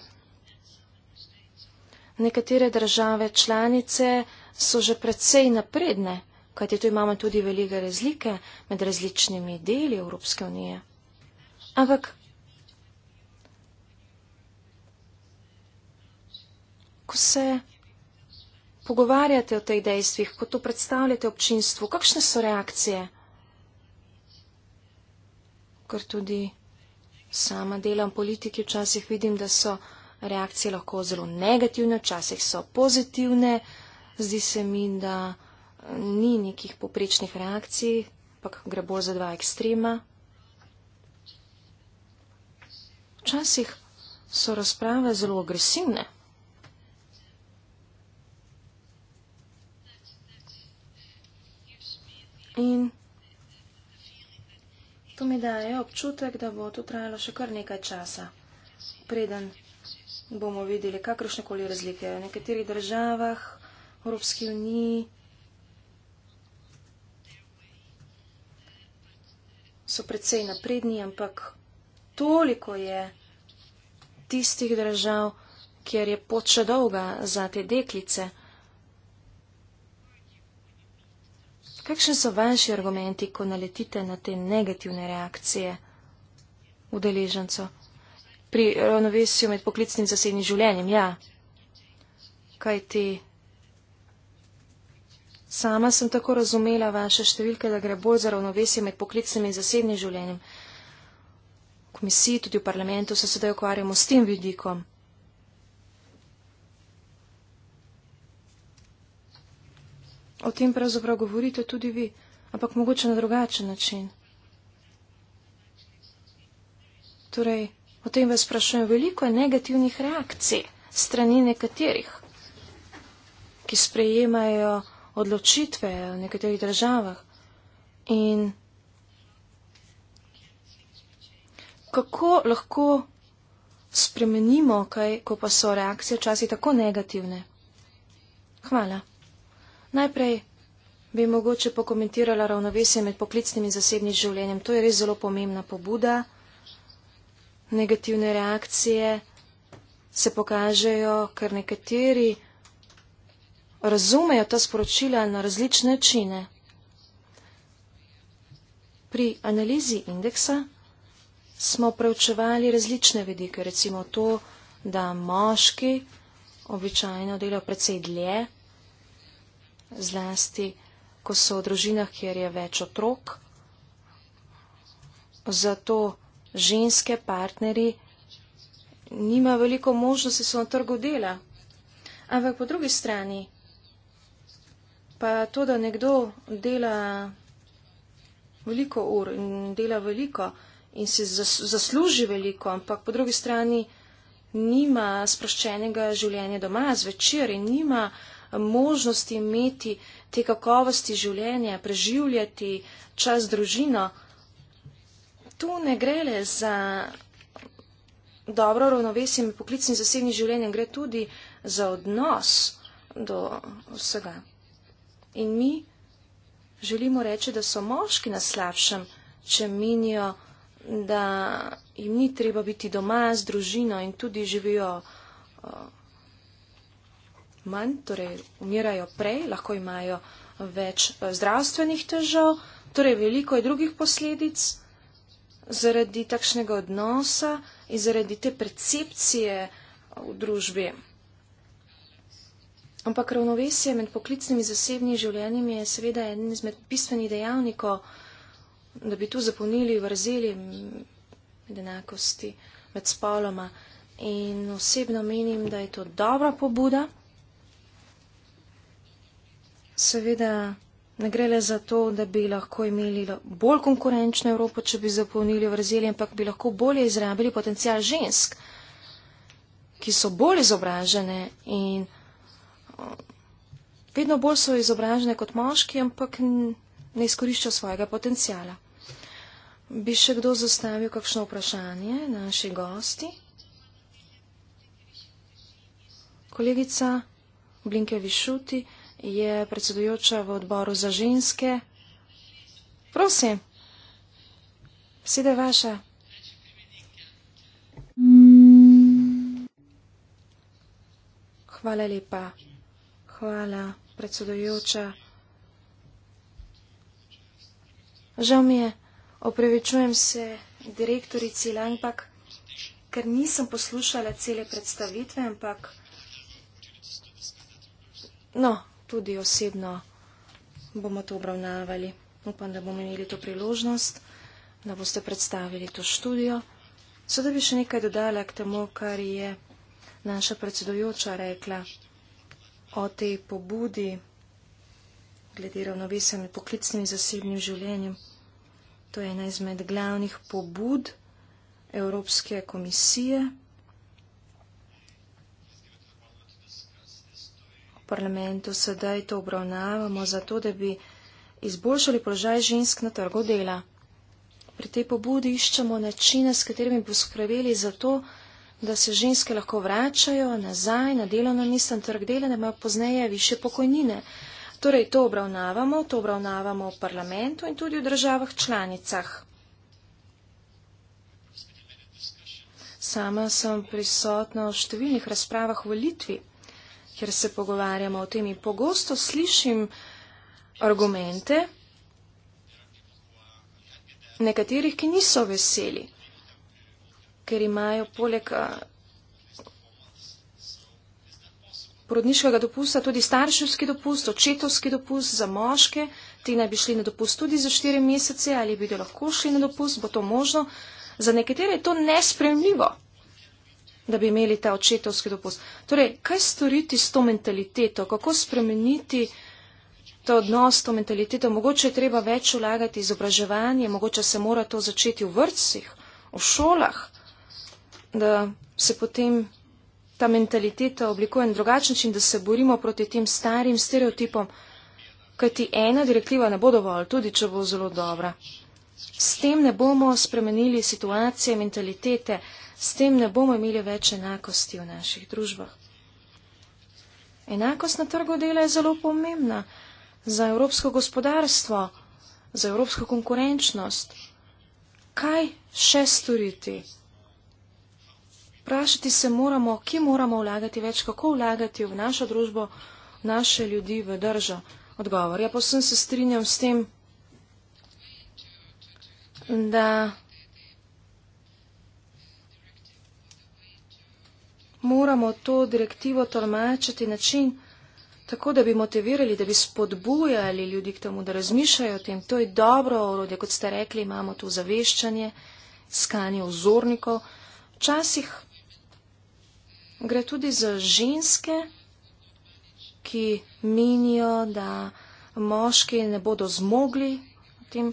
Nekatere države članice so že precej napredne kajti tu imamo tudi velike razlike med različnimi deli Evropske unije. Ampak, ko se pogovarjate o teh dejstvih, ko to predstavljate občinstvu, kakšne so reakcije? Ker tudi sama delam politiki, včasih vidim, da so reakcije lahko zelo negativne, včasih so pozitivne. Zdi se mi, da ni nekih poprečnih reakcij, ampak gre bolj za dva ekstrema. Včasih so razprave zelo agresivne. In to mi daje občutek, da bo to trajalo še kar nekaj časa, preden bomo videli kakršne koli razlike. V nekaterih državah, v Evropski uniji, so precej napredni, ampak toliko je tistih držav, kjer je pot še dolga za te deklice. Kakšni so vaši argumenti, ko naletite na te negativne reakcije udeležencev pri ravnovesju med poklicnim in zasebnim življenjem? Ja, kaj ti? Te... Sama sem tako razumela vaše številke, da gre bolj za ravnovesje med poklicnim in zasebnim življenjem. V komisiji, tudi v parlamentu se sedaj ukvarjamo s tem vidikom. O tem pravzaprav govorite tudi vi, ampak mogoče na drugačen način. Torej, o tem vas sprašujem, veliko je negativnih reakcij strani nekaterih, ki sprejemajo odločitve v nekaterih državah. In kako lahko spremenimo kaj, ko pa so reakcije včasih tako negativne? Hvala. Najprej bi mogoče pokomentirala ravnovesje med poklicnim in zasebnim življenjem. To je res zelo pomembna pobuda. Negativne reakcije se pokažejo, ker nekateri razumejo ta sporočila na različne načine. Pri analizi indeksa smo preučevali različne vedike, recimo to, da moški običajno delajo precej dlje, zlasti, ko so v družinah, kjer je več otrok. Zato ženske partneri nima veliko možnosti, so na trgu dela. Ampak po drugi strani Pa to, da nekdo dela veliko ur in dela veliko in si zasluži veliko, ampak po drugi strani nima sproščenega življenja doma zvečer in nima možnosti imeti te kakovosti življenja, preživljati čas z družino, tu ne gre le za dobro ravnovesje med poklicnim in zasebnim življenjem, gre tudi za odnos do vsega in mi želimo reči, da so moški na slabšem, če menijo, da jim ni treba biti doma z družino in tudi živijo eh, manj, torej umirajo prej, lahko imajo več eh, zdravstvenih težav, torej veliko je drugih posledic zaradi takšnega odnosa in zaradi te percepcije v družbi. Ampak ravnovesje med poklicnim in zasebnim življenjem je seveda en izmed bistvenih dejavnikov, da bi tu zapolnili vrzeli med enakosti, med spoloma. In osebno menim, da je to dobra pobuda. Seveda ne gre le za to, da bi lahko imeli bolj konkurenčno Evropo, če bi zapolnili vrzeli, ampak bi lahko bolje izrabili potencial žensk, ki so bolj izobražene in vedno bolj so izobražene kot moški, ampak ne izkoriščajo svojega potencijala. Bi še kdo zastavil kakšno vprašanje, naši gosti? Kolegica Blinke Višuti je predsedujoča v odboru za ženske. Prosim, sede vaša. Hvala lepa. Hvala, predsedujoča. Žal mi je, opravičujem se direktorici Langpak, ker nisem poslušala cele predstavitve, ampak no, tudi osebno bomo to obravnavali. Upam, da bomo imeli to priložnost, da boste predstavili to študijo. Sedaj bi še nekaj dodala k temu, kar je naša predsedujoča rekla o tej pobudi glede ravnovesja med poklicnim in zasebnim življenjem. To je ena izmed glavnih pobud Evropske komisije. V parlamentu sedaj to obravnavamo zato, da bi izboljšali položaj žensk na trgu dela. Pri tej pobudi iščemo načine, s katerimi bi poskrbeli za to, da da se ženske lahko vračajo nazaj na delovno mesto in trg dela, da imajo pozneje više pokojnine. Torej, to obravnavamo, to obravnavamo v parlamentu in tudi v državah članicah. Sama sem prisotna v številnih razpravah v Litvi, kjer se pogovarjamo o tem in pogosto slišim argumente nekaterih, ki niso veseli ker imajo poleg porodniškega dopusta tudi starševski dopust, očetovski dopust za moške. Ti naj bi šli na dopust tudi za štiri mesece ali bi lahko šli na dopust, bo to možno. Za nekatere je to nespremljivo, da bi imeli ta očetovski dopust. Torej, kaj storiti s to mentaliteto, kako spremeniti to odnos, to mentaliteto? Mogoče je treba več vlagati izobraževanje, mogoče se mora to začeti v vrtcih, v šolah da se potem ta mentaliteta oblikuje na drugačen način, da se borimo proti tem starim stereotipom, kajti ena direktiva ne bo dovolj, tudi če bo zelo dobra. S tem ne bomo spremenili situacije, mentalitete, s tem ne bomo imeli več enakosti v naših družbah. Enakost na trgu dela je zelo pomembna za evropsko gospodarstvo, za evropsko konkurenčnost. Kaj še storiti? vprašati se moramo, kje moramo vlagati več, kako vlagati v našo družbo, v naše ljudi, v držo. Odgovor. Ja, posem se strinjam s tem, da moramo to direktivo tolmačiti način, tako da bi motivirali, da bi spodbujali ljudi k temu, da razmišljajo o tem. To je dobro orodje, kot ste rekli, imamo tu zaveščanje, iskanje vzornikov. Včasih gre tudi za ženske, ki menijo, da moški ne bodo zmogli v tem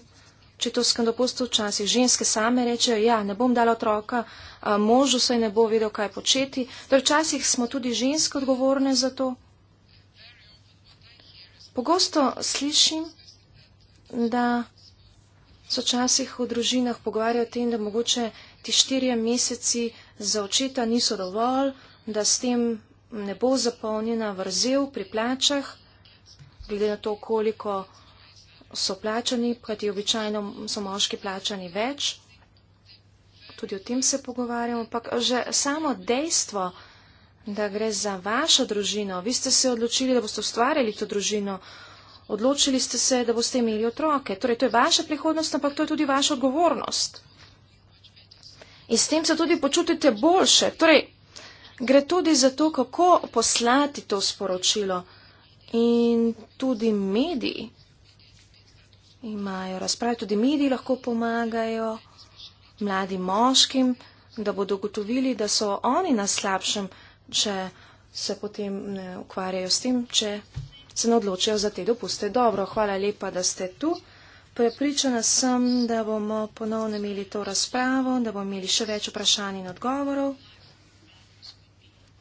četovskem dopustu. Včasih ženske same rečejo, ja, ne bom dala otroka, možu se ne bo vedel, kaj početi. Torej, včasih smo tudi ženske odgovorne za to. Pogosto slišim, da so včasih v družinah pogovarjajo o tem, da mogoče ti štirje meseci za očeta niso dovolj, da s tem ne bo zapolnjena vrzel pri plačah, glede na to, koliko so plačani, kajti običajno so moški plačani več. Tudi o tem se pogovarjamo, ampak že samo dejstvo, da gre za vašo družino, vi ste se odločili, da boste ustvarjali to družino, odločili ste se, da boste imeli otroke. Torej, to je vaša prihodnost, ampak to je tudi vaša odgovornost. In s tem se tudi počutite boljše. Torej, gre tudi za to, kako poslati to sporočilo. In tudi mediji imajo razprave, tudi mediji lahko pomagajo mladim moškim, da bodo ugotovili, da so oni na slabšem, če se potem ne ukvarjajo s tem, če se ne odločijo za te dopuste. Dobro, hvala lepa, da ste tu. Prepričana sem, da bomo ponovno imeli to razpravo, da bomo imeli še več vprašanj in odgovorov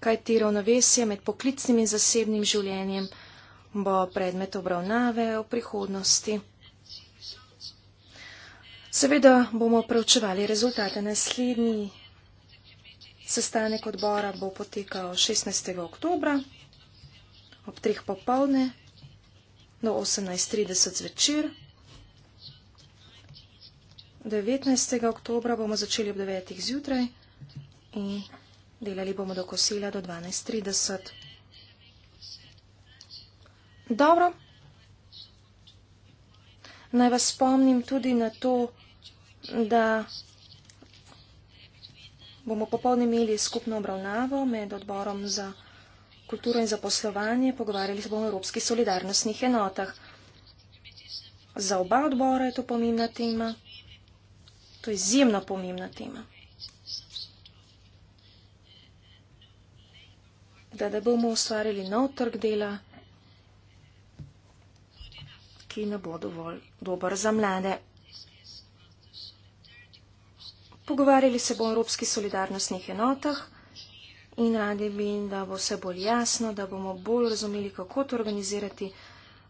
kaj ti ravnovesje med poklicnim in zasebnim življenjem bo predmet obravnave v prihodnosti. Seveda bomo preučevali rezultate. Naslednji sestanek odbora bo potekal 16. oktobra ob 3. popovdne do 18.30 zvečer. 19. oktobra bomo začeli ob 9. zjutraj in Delali bomo do kosila do 12.30. Dobro. Naj vas spomnim tudi na to, da bomo popolne imeli skupno obravnavo med odborom za kulturo in zaposlovanje. Pogovarjali se bomo o evropskih solidarnostnih enotah. Za oba odbora je to pomembna tema. To je izjemno pomembna tema. da ne bomo ustvarili nov trg dela, ki ne bo dovolj dober za mlade. Pogovarjali se bomo o evropskih solidarnostnih enotah in radi bi, da bo vse bolj jasno, da bomo bolj razumeli, kako to organizirati,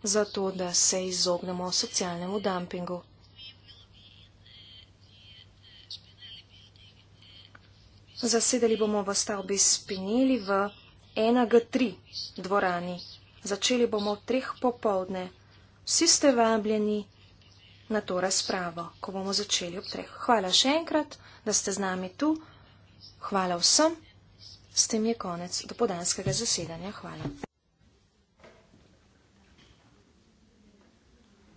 zato da se izognemo socialnemu dumpingu. Zasedali bomo v stavbi Spinelli v 1G3 dvorani. Začeli bomo ob treh popovdne. Vsi ste vabljeni na to razpravo, ko bomo začeli ob treh. Hvala še enkrat, da ste z nami tu. Hvala vsem. S tem je konec dopodanskega zasedanja. Hvala.